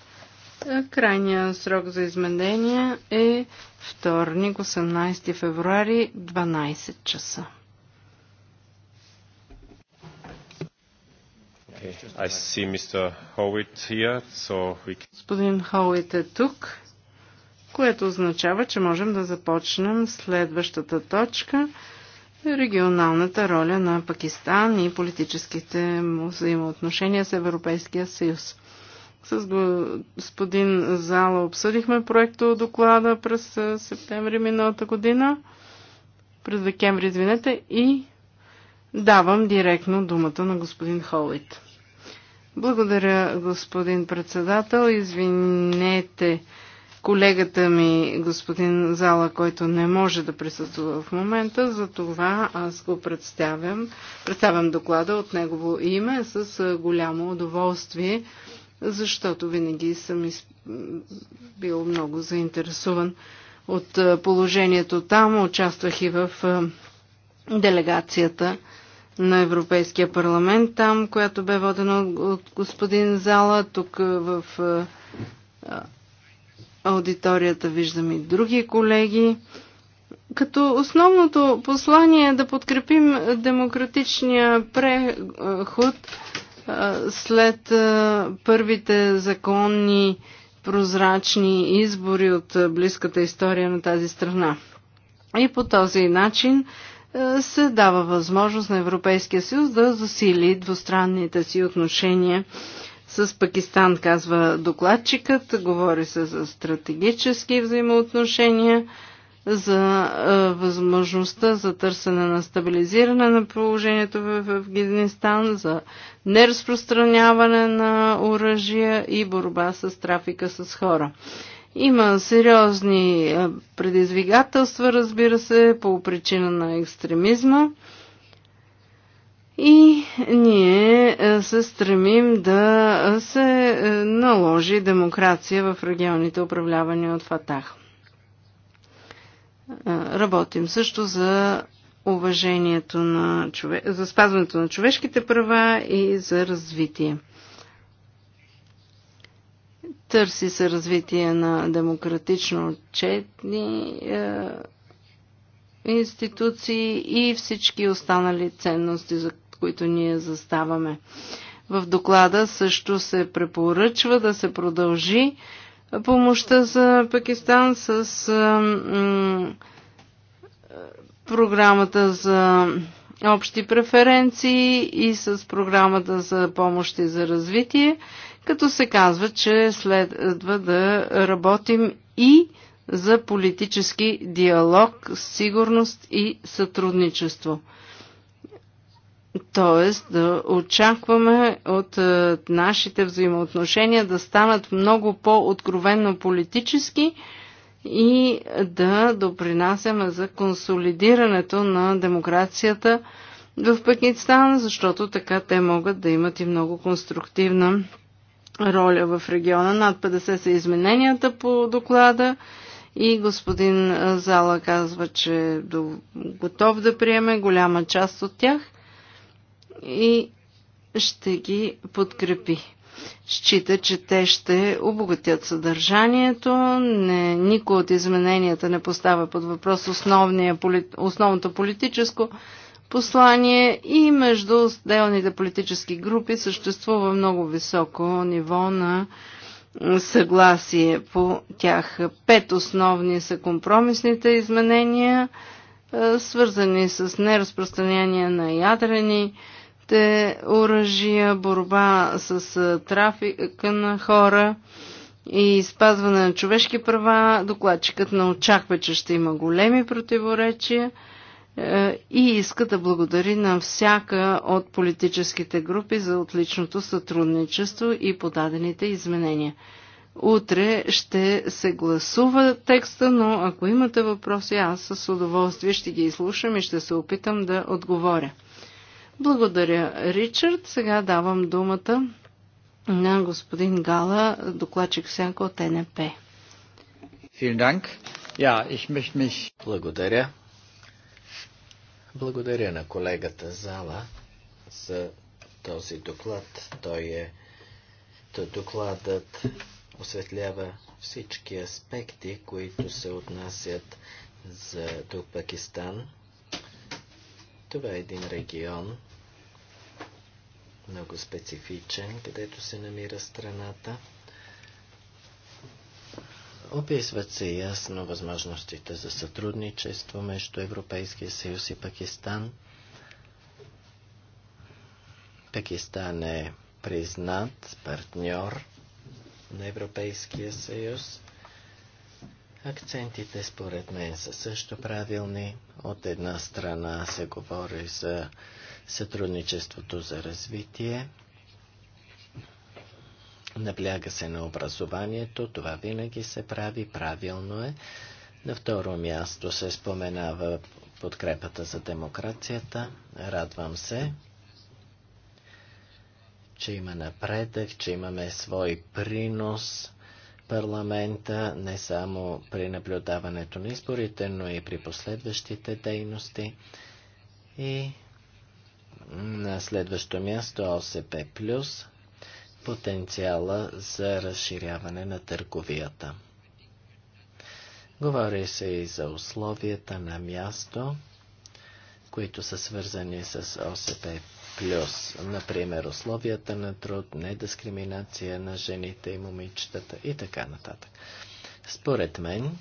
Е, крайният срок за изменение е вторник, 18 февруари, 12 часа. Okay. Here, so we... Господин Хоуит е тук което означава, че можем да започнем следващата точка регионалната роля на Пакистан и политическите му взаимоотношения с Европейския съюз. С господин Зала обсъдихме проекто доклада през септември миналата година, през декември, извинете, и давам директно думата на господин Холит. Благодаря, господин председател. Извинете, колегата ми, господин Зала, който не може да присъства в момента, за това аз го представям. Представям доклада от негово име с голямо удоволствие, защото винаги съм изп... бил много заинтересуван от положението там. Участвах и в делегацията на Европейския парламент там, която бе водена от господин Зала, тук в аудиторията, виждам и други колеги. Като основното послание е да подкрепим демократичния преход след първите законни прозрачни избори от близката история на тази страна. И по този начин се дава възможност на Европейския съюз да засили двустранните си отношения с Пакистан, казва докладчикът. Говори се за стратегически взаимоотношения, за е, възможността за търсене на стабилизиране на положението в Афганистан, за неразпространяване на оръжия и борба с трафика с хора. Има сериозни е, предизвикателства, разбира се, по причина на екстремизма. И ние е, се стремим да се е, наложи демокрация в регионите, управлявани от Фатах. Е, работим също за уважението на чове... за спазването на човешките права и за развитие. Търси се развитие на демократично отчетни е, институции и всички останали ценности, за които ние заставаме. В доклада също се препоръчва да се продължи помощта за Пакистан с програмата за общи преференции и с програмата за помощи за развитие, като се казва, че следва да работим и за политически диалог, сигурност и сътрудничество. Тоест да очакваме от е, нашите взаимоотношения да станат много по-откровенно политически и да допринасяме за консолидирането на демокрацията в Пакистан, защото така те могат да имат и много конструктивна роля в региона. Над 50 са измененията по доклада и господин Зала казва, че е готов да приеме голяма част от тях и ще ги подкрепи. Счита, че те ще обогатят съдържанието. Не, никой от измененията не поставя под въпрос основния, основното политическо послание и между отделните политически групи съществува много високо ниво на съгласие по тях. Пет основни са компромисните изменения, свързани с неразпространение на ядрени трафичните оръжия, борба с трафика на хора и спазване на човешки права. Докладчикът не очаква, че ще има големи противоречия е, и иска да благодари на всяка от политическите групи за отличното сътрудничество и подадените изменения. Утре ще се гласува текста, но ако имате въпроси, аз с удоволствие ще ги изслушам и ще се опитам да отговоря. Благодаря, Ричард. Сега давам думата на господин Гала, докладчик Сянко от НП. Благодаря. Благодаря на колегата Зала за този доклад. Той е то докладът осветлява всички аспекти, които се отнасят за, до Пакистан това е един регион, много специфичен, където се намира страната. Описват се ясно възможностите за сътрудничество между Европейския съюз и Пакистан. Пакистан е признат партньор на Европейския съюз. Акцентите според мен са също правилни. От една страна се говори за сътрудничеството за развитие. Набляга се на образованието, това винаги се прави, правилно е. На второ място се споменава подкрепата за демокрацията. Радвам се, че има напредък, че имаме свой принос парламента, не само при наблюдаването на изборите, но и при последващите дейности. И на следващо място ОСП Плюс потенциала за разширяване на търговията. Говори се и за условията на място, които са свързани с ОСП плюс. Например, условията на труд, недискриминация на жените и момичетата и така нататък. Според мен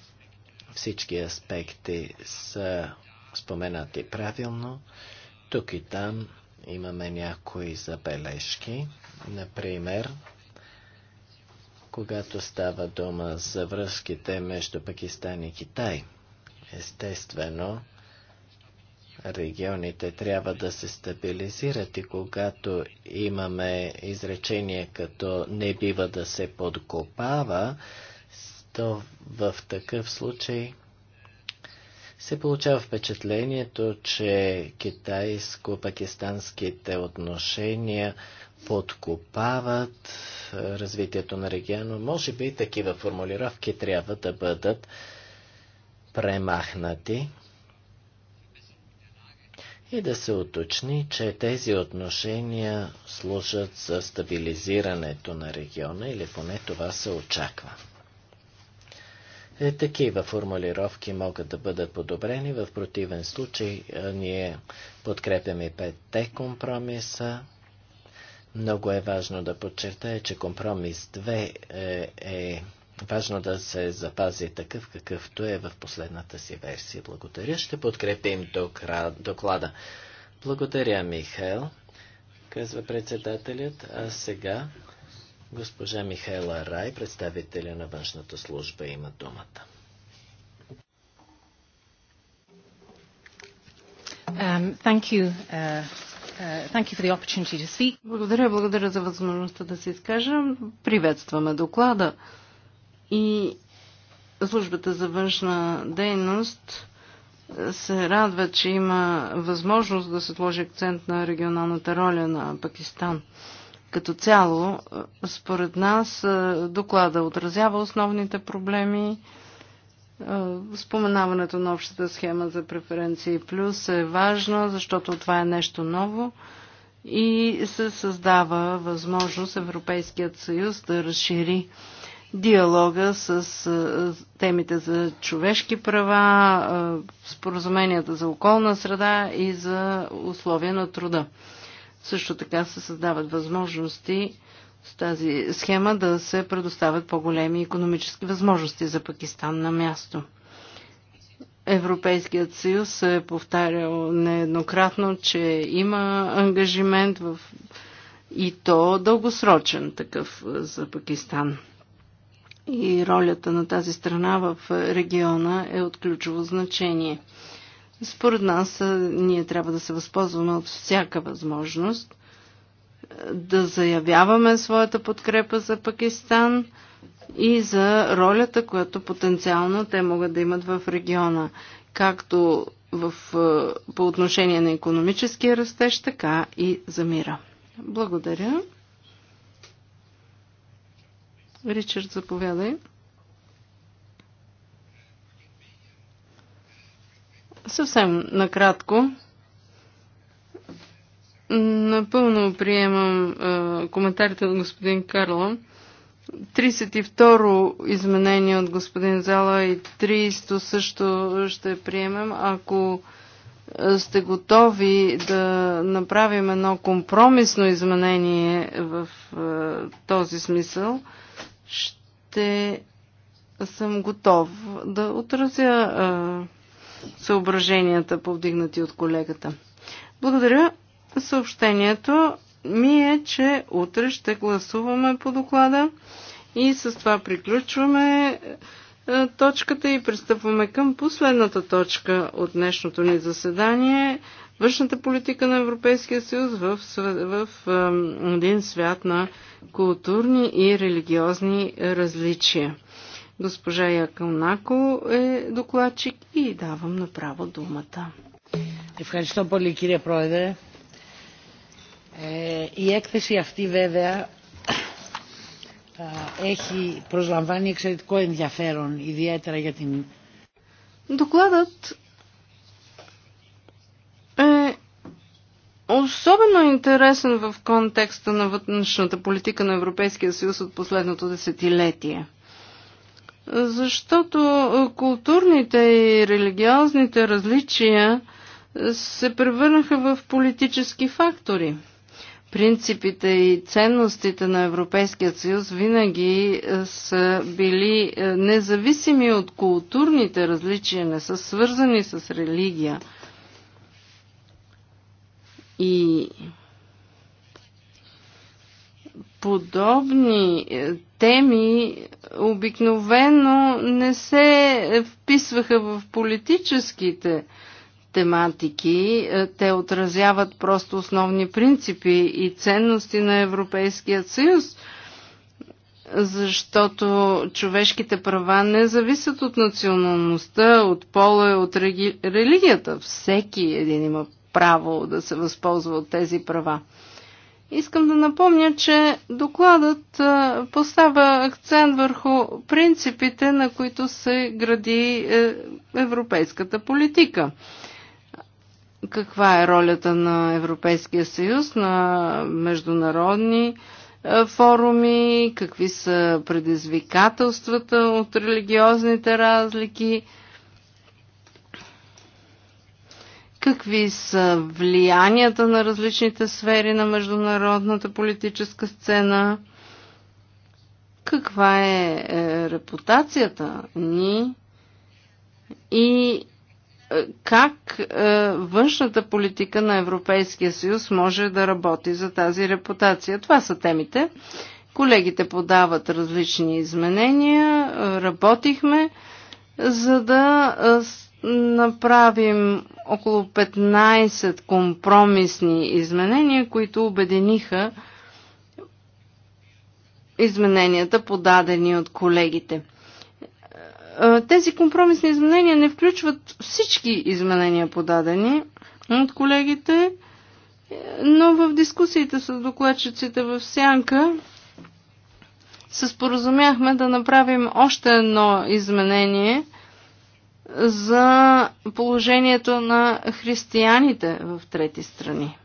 всички аспекти са споменати правилно. Тук и там имаме някои забележки. Например, когато става дума за връзките между Пакистан и Китай. Естествено, регионите трябва да се стабилизират и когато имаме изречение като не бива да се подкопава, то в такъв случай се получава впечатлението, че китайско-пакистанските отношения подкопават е, развитието на региона. Може би такива формулировки трябва да бъдат премахнати и да се уточни, че тези отношения служат за стабилизирането на региона или поне това се очаква. Е, такива формулировки могат да бъдат подобрени, в противен случай е, ние подкрепяме петте компромиса. Много е важно да подчертая, че компромис 2 е, е Важно да се запази такъв, какъвто е в последната си версия. Благодаря. Ще подкрепим доклада. Благодаря, Михаил, казва председателят. А сега госпожа Михайла Рай, представителя на външната служба, има думата. Um, thank you, uh, uh, thank you for the opportunity to speak. Благодаря, благодаря за възможността да се изкажа. Приветстваме доклада. Uh, и службата за външна дейност се радва, че има възможност да се сложи акцент на регионалната роля на Пакистан. Като цяло, според нас, е, доклада отразява основните проблеми. Е, споменаването на общата схема за преференции плюс е важно, защото това е нещо ново и се създава възможност Европейският съюз да разшири диалога с темите за човешки права, споразуменията за околна среда и за условия на труда. Също така се създават възможности с тази схема да се предоставят по-големи економически възможности за Пакистан на място. Европейският съюз е повтарял нееднократно, че има ангажимент в и то дългосрочен такъв за Пакистан и ролята на тази страна в региона е от ключово значение. Според нас ние трябва да се възползваме от всяка възможност да заявяваме своята подкрепа за Пакистан и за ролята, която потенциално те могат да имат в региона, както в, по отношение на економическия растеж, така и за мира. Благодаря. Ричард, заповядай. Съвсем накратко. Напълно приемам е, коментарите на господин Карло. 32 изменение от господин Зала и 30 също ще приемем. Ако сте готови да направим едно компромисно изменение в е, този смисъл, ще съм готов да отразя съображенията, повдигнати от колегата. Благодаря. Съобщението ми е, че утре ще гласуваме по доклада и с това приключваме точката и пристъпваме към последната точка от днешното ни заседание външната политика на Европейския съюз в, в, в един свят на културни и религиозни различия. Госпожа Якълнако е докладчик и давам направо думата. Ευχαριστώ πολύ κύριε Πρόεδρε. Ε, η έκθεση αυτή βέβαια έχει, προσλαμβάνει εξαιρετικό ενδιαφέρον, ιδιαίτερα για την... Докладът особено интересен в контекста на вътрешната политика на Европейския съюз от последното десетилетие. Защото културните и религиозните различия се превърнаха в политически фактори. Принципите и ценностите на Европейския съюз винаги са били е, независими от културните различия, не са свързани с религия – и подобни е, теми обикновено не се вписваха в политическите тематики. Е, те отразяват просто основни принципи и ценности на Европейския съюз, защото човешките права не зависят от националността, от пола, и от религията. Всеки един има право да се възползва от тези права. Искам да напомня, че докладът поставя акцент върху принципите, на които се гради е, европейската политика. Каква е ролята на Европейския съюз, на международни е, форуми, какви са предизвикателствата от религиозните разлики – какви са влиянията на различните сфери на международната политическа сцена, каква е, е репутацията ни и е, как е, външната политика на Европейския съюз може да работи за тази репутация. Това са темите. Колегите подават различни изменения, работихме, за да направим около 15 компромисни изменения, които обединиха измененията, подадени от колегите. Е, тези компромисни изменения не включват всички изменения, подадени от колегите, е, но в дискусиите с докладчиците в Сянка се споразумяхме да направим още едно изменение – за положението на християните в трети страни.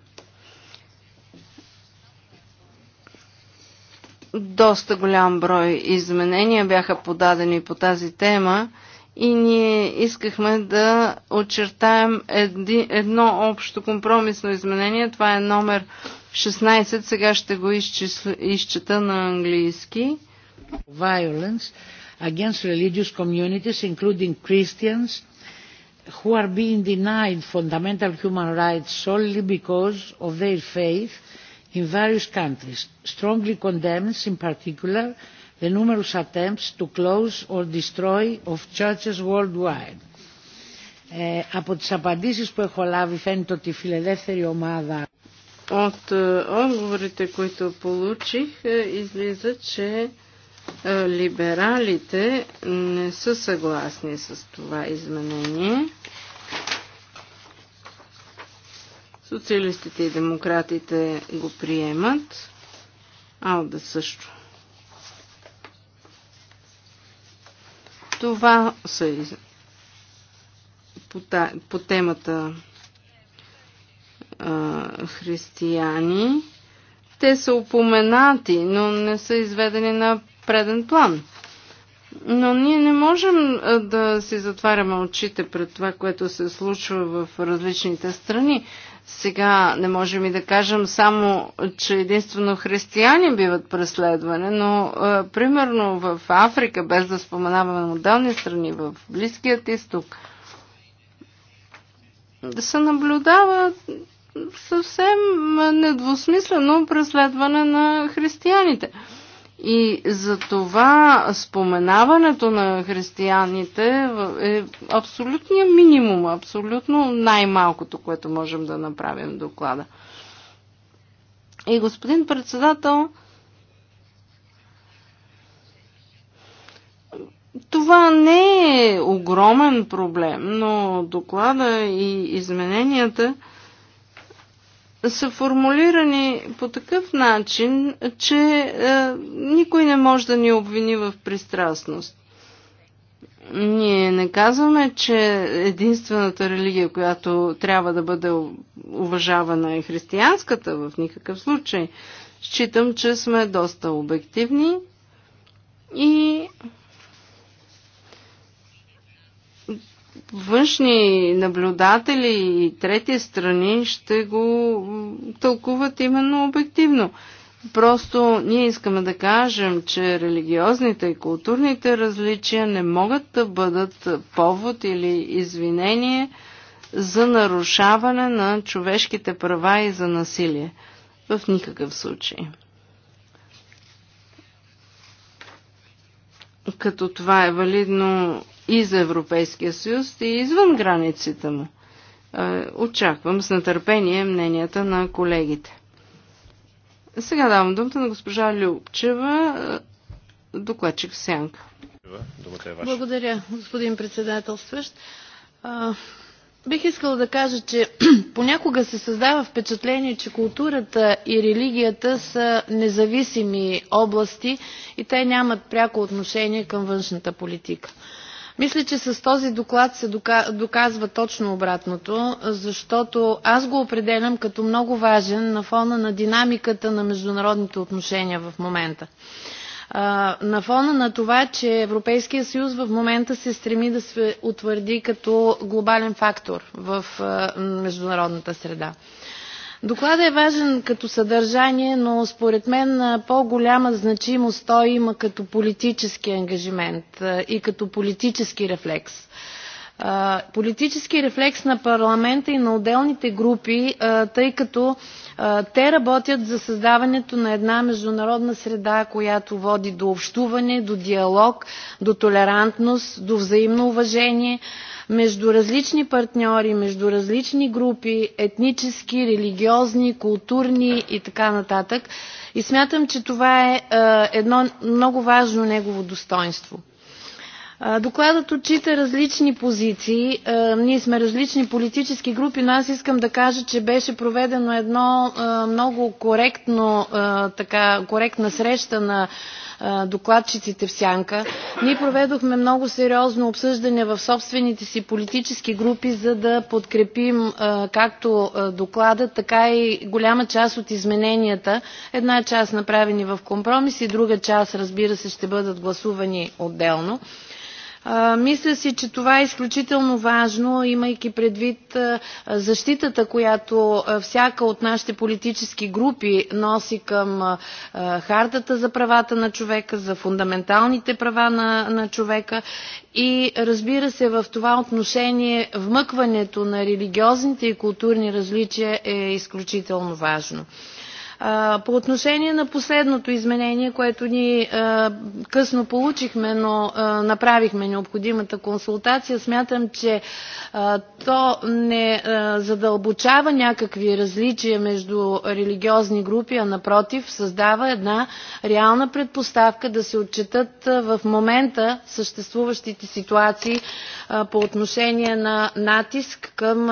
Доста голям брой изменения бяха подадени по тази тема и ние искахме да очертаем еди, едно общо компромисно изменение. Това е номер 16. Сега ще го изчета на английски. Violence against religious communities, including Christians, who are being denied fundamental human rights solely because of their faith in various countries, strongly condemns, in particular, the numerous attempts to close or destroy of churches worldwide. Ε, από τις απαντήσεις που έχω λάβει φαίνεται ότι η φιλελεύθερη ομάδα От отговорите, които получих, излиза, че е, либералите не са съгласни с това изменение. Социалистите и демократите го приемат. Алда също. Това са по, та... по темата а, християни. Те са упоменати, но не са изведени на преден план. Но ние не можем да си затваряме очите пред това, което се случва в различните страни. Сега не можем и да кажем само, че единствено християни биват преследвани, но е, примерно в Африка, без да споменаваме отделни страни, в Близкият изток, се наблюдава съвсем недвусмислено преследване на християните. И за това споменаването на християните е абсолютния минимум, абсолютно най-малкото, което можем да направим в доклада. И господин председател, това не е огромен проблем, но доклада и измененията са формулирани по такъв начин, че е, никой не може да ни обвини в пристрастност. Ние не казваме, че единствената религия, която трябва да бъде уважавана е християнската в никакъв случай. Считам, че сме доста обективни и външни наблюдатели и трети страни ще го тълкуват именно обективно. Просто ние искаме да кажем, че религиозните и културните различия не могат да бъдат повод или извинение за нарушаване на човешките права и за насилие. В никакъв случай. Като това е валидно и за Европейския съюз и извън границите му. Очаквам с нетърпение мненията на колегите. Сега давам думата на госпожа Любчева, докладчик Сянка. Благодаря, господин председателстващ. Бих искала да кажа, че понякога се създава впечатление, че културата и религията са независими области и те нямат пряко отношение към външната политика. Мисля, че с този доклад се доказва точно обратното, защото аз го определям като много важен на фона на динамиката на международните отношения в момента. На фона на това, че Европейския съюз в момента се стреми да се утвърди като глобален фактор в международната среда. Докладът е важен като съдържание, но според мен по-голяма значимост той има като политически ангажимент и като политически рефлекс. Политически рефлекс на парламента и на отделните групи, тъй като те работят за създаването на една международна среда, която води до общуване, до диалог, до толерантност, до взаимно уважение, между различни партньори, между различни групи, етнически, религиозни, културни и така нататък. И смятам, че това е, е едно много важно негово достоинство. Докладът отчита различни позиции. Ние сме различни политически групи, но аз искам да кажа, че беше проведено едно много коректно, така, коректна среща на докладчиците в Сянка. Ние проведохме много сериозно обсъждане в собствените си политически групи, за да подкрепим както доклада, така и голяма част от измененията. Една част направени в компромис и друга част, разбира се, ще бъдат гласувани отделно. Мисля си, че това е изключително важно, имайки предвид защитата, която всяка от нашите политически групи носи към Хартата за правата на човека, за фундаменталните права на, на човека и разбира се в това отношение вмъкването на религиозните и културни различия е изключително важно. По отношение на последното изменение, което ни късно получихме, но направихме необходимата консултация, смятам, че то не задълбочава някакви различия между религиозни групи, а напротив създава една реална предпоставка да се отчетат в момента съществуващите ситуации по отношение на натиск към,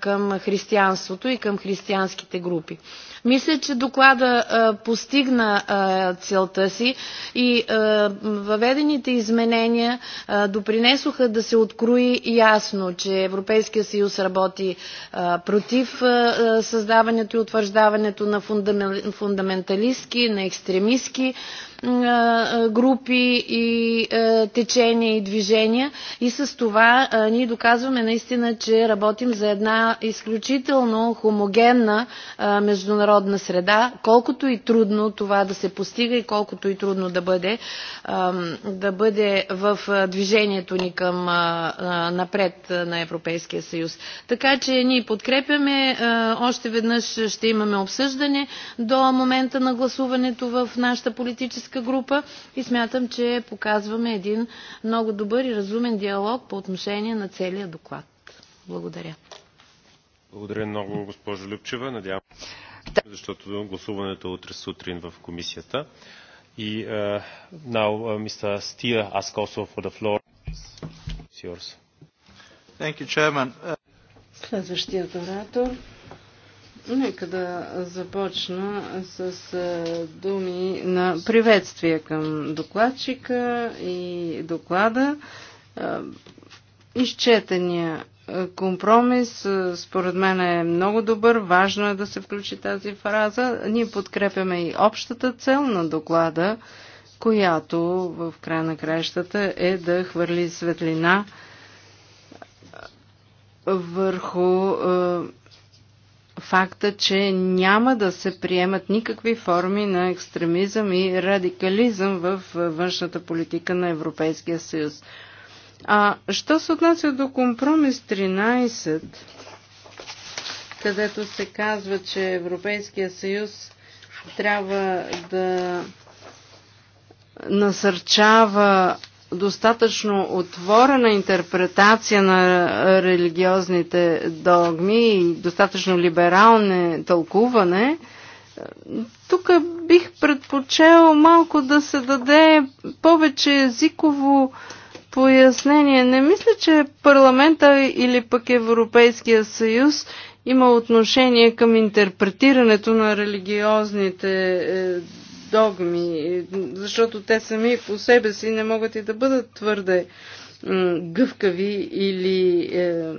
към християнството и към християнските групи. Мисля, че доклада а, постигна а, целта си и а, въведените изменения а, допринесоха да се открои ясно, че Европейския съюз работи а, против а, създаването и утвърждаването на фундаменталистки, на екстремистки групи и течения и движения и с това ние доказваме наистина, че работим за една изключително хомогенна международна среда, колкото и трудно това да се постига и колкото и трудно да бъде, да бъде в движението ни към напред на Европейския съюз. Така че ние подкрепяме, още веднъж ще имаме обсъждане до момента на гласуването в нашата политическа политическа група и смятам, че показваме един много добър и разумен диалог по отношение на целия доклад. Благодаря. Благодаря много, госпожо Любчева. Надявам се, защото гласуването е утре сутрин в комисията. И uh, now uh, Mr. Steer asked also for the floor. It's yours. Thank you, Chairman. Следващият оратор. Нека да започна с думи на приветствие към докладчика и доклада. Изчетения компромис според мен е много добър, важно е да се включи тази фраза. Ние подкрепяме и общата цел на доклада, която в края на краищата е да хвърли светлина върху факта, че няма да се приемат никакви форми на екстремизъм и радикализъм в външната политика на Европейския съюз. А що се отнася до компромис 13, където се казва, че Европейския съюз трябва да насърчава достатъчно отворена интерпретация на религиозните догми и достатъчно либералне тълкуване, тук бих предпочел малко да се даде повече езиково пояснение. Не мисля, че парламента или пък Европейския съюз има отношение към интерпретирането на религиозните е, догми, защото те сами по себе си не могат и да бъдат твърде гъвкави или е,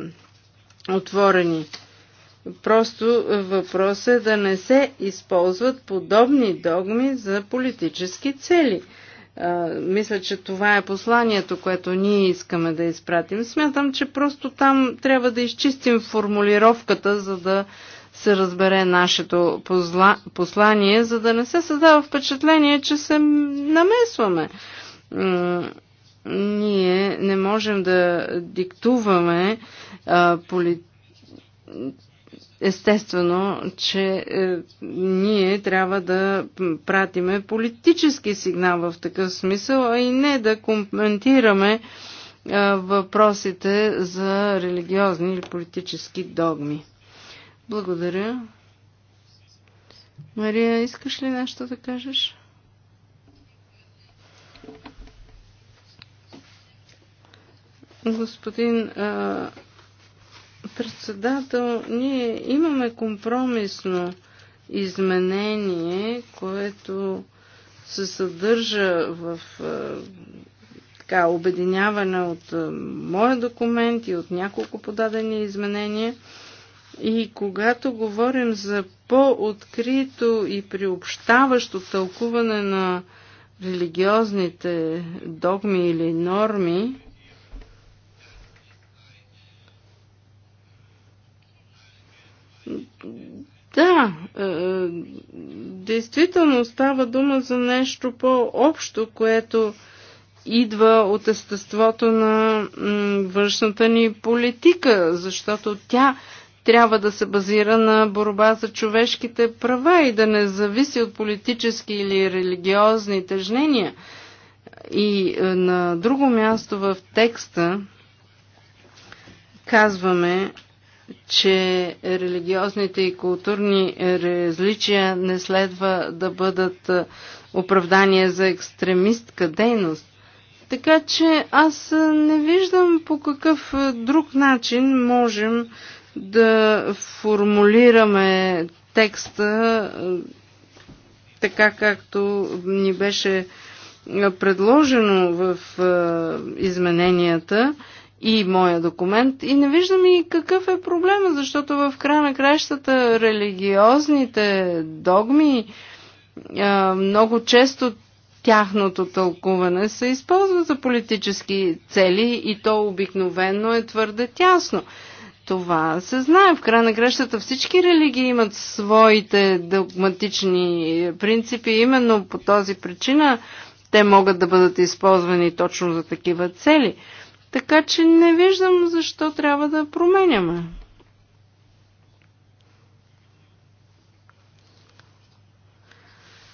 отворени. Просто въпрос е да не се използват подобни догми за политически цели. А, мисля, че това е посланието, което ние искаме да изпратим. Смятам, че просто там трябва да изчистим формулировката, за да се разбере нашето позла... послание, за да не се създава впечатление, че се намесваме. Ние не можем да диктуваме а, поли... Естествено, че е, ние трябва да пратиме политически сигнал в такъв смисъл, а и не да коментираме въпросите за религиозни или политически догми. Благодаря. Мария, искаш ли нещо да кажеш? Господин а, председател, ние имаме компромисно изменение, което се съдържа в а, така, обединяване от а, моя документ и от няколко подадени изменения. И когато говорим за по-открито и приобщаващо тълкуване на религиозните догми или норми, Да, е, действително става дума за нещо по-общо, което идва от естеството на външната ни политика, защото тя трябва да се базира на борба за човешките права и да не зависи от политически или религиозни тъжнения. И е, на друго място в текста казваме, че религиозните и културни различия не следва да бъдат е, оправдание за екстремистка дейност. Така че аз е, не виждам по какъв друг начин можем да формулираме текста е, така както ни беше предложено в е, измененията и моя документ и не виждам и какъв е проблема, защото в края на краищата религиозните догми е, много често тяхното тълкуване се използва за политически цели и то обикновено е твърде тясно това се знае. В края на грещата всички религии имат своите догматични принципи. Именно по този причина те могат да бъдат използвани точно за такива цели. Така че не виждам защо трябва да променяме.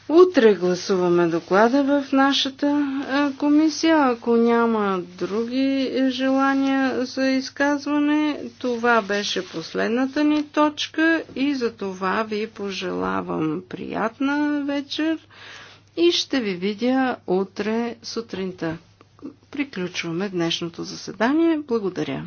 Утре гласуваме доклада в нашата е, комисия. Ако няма други е, желания за изказване, това беше последната ни точка и за това ви пожелавам приятна вечер и ще ви видя утре сутринта. Приключваме днешното заседание. Благодаря.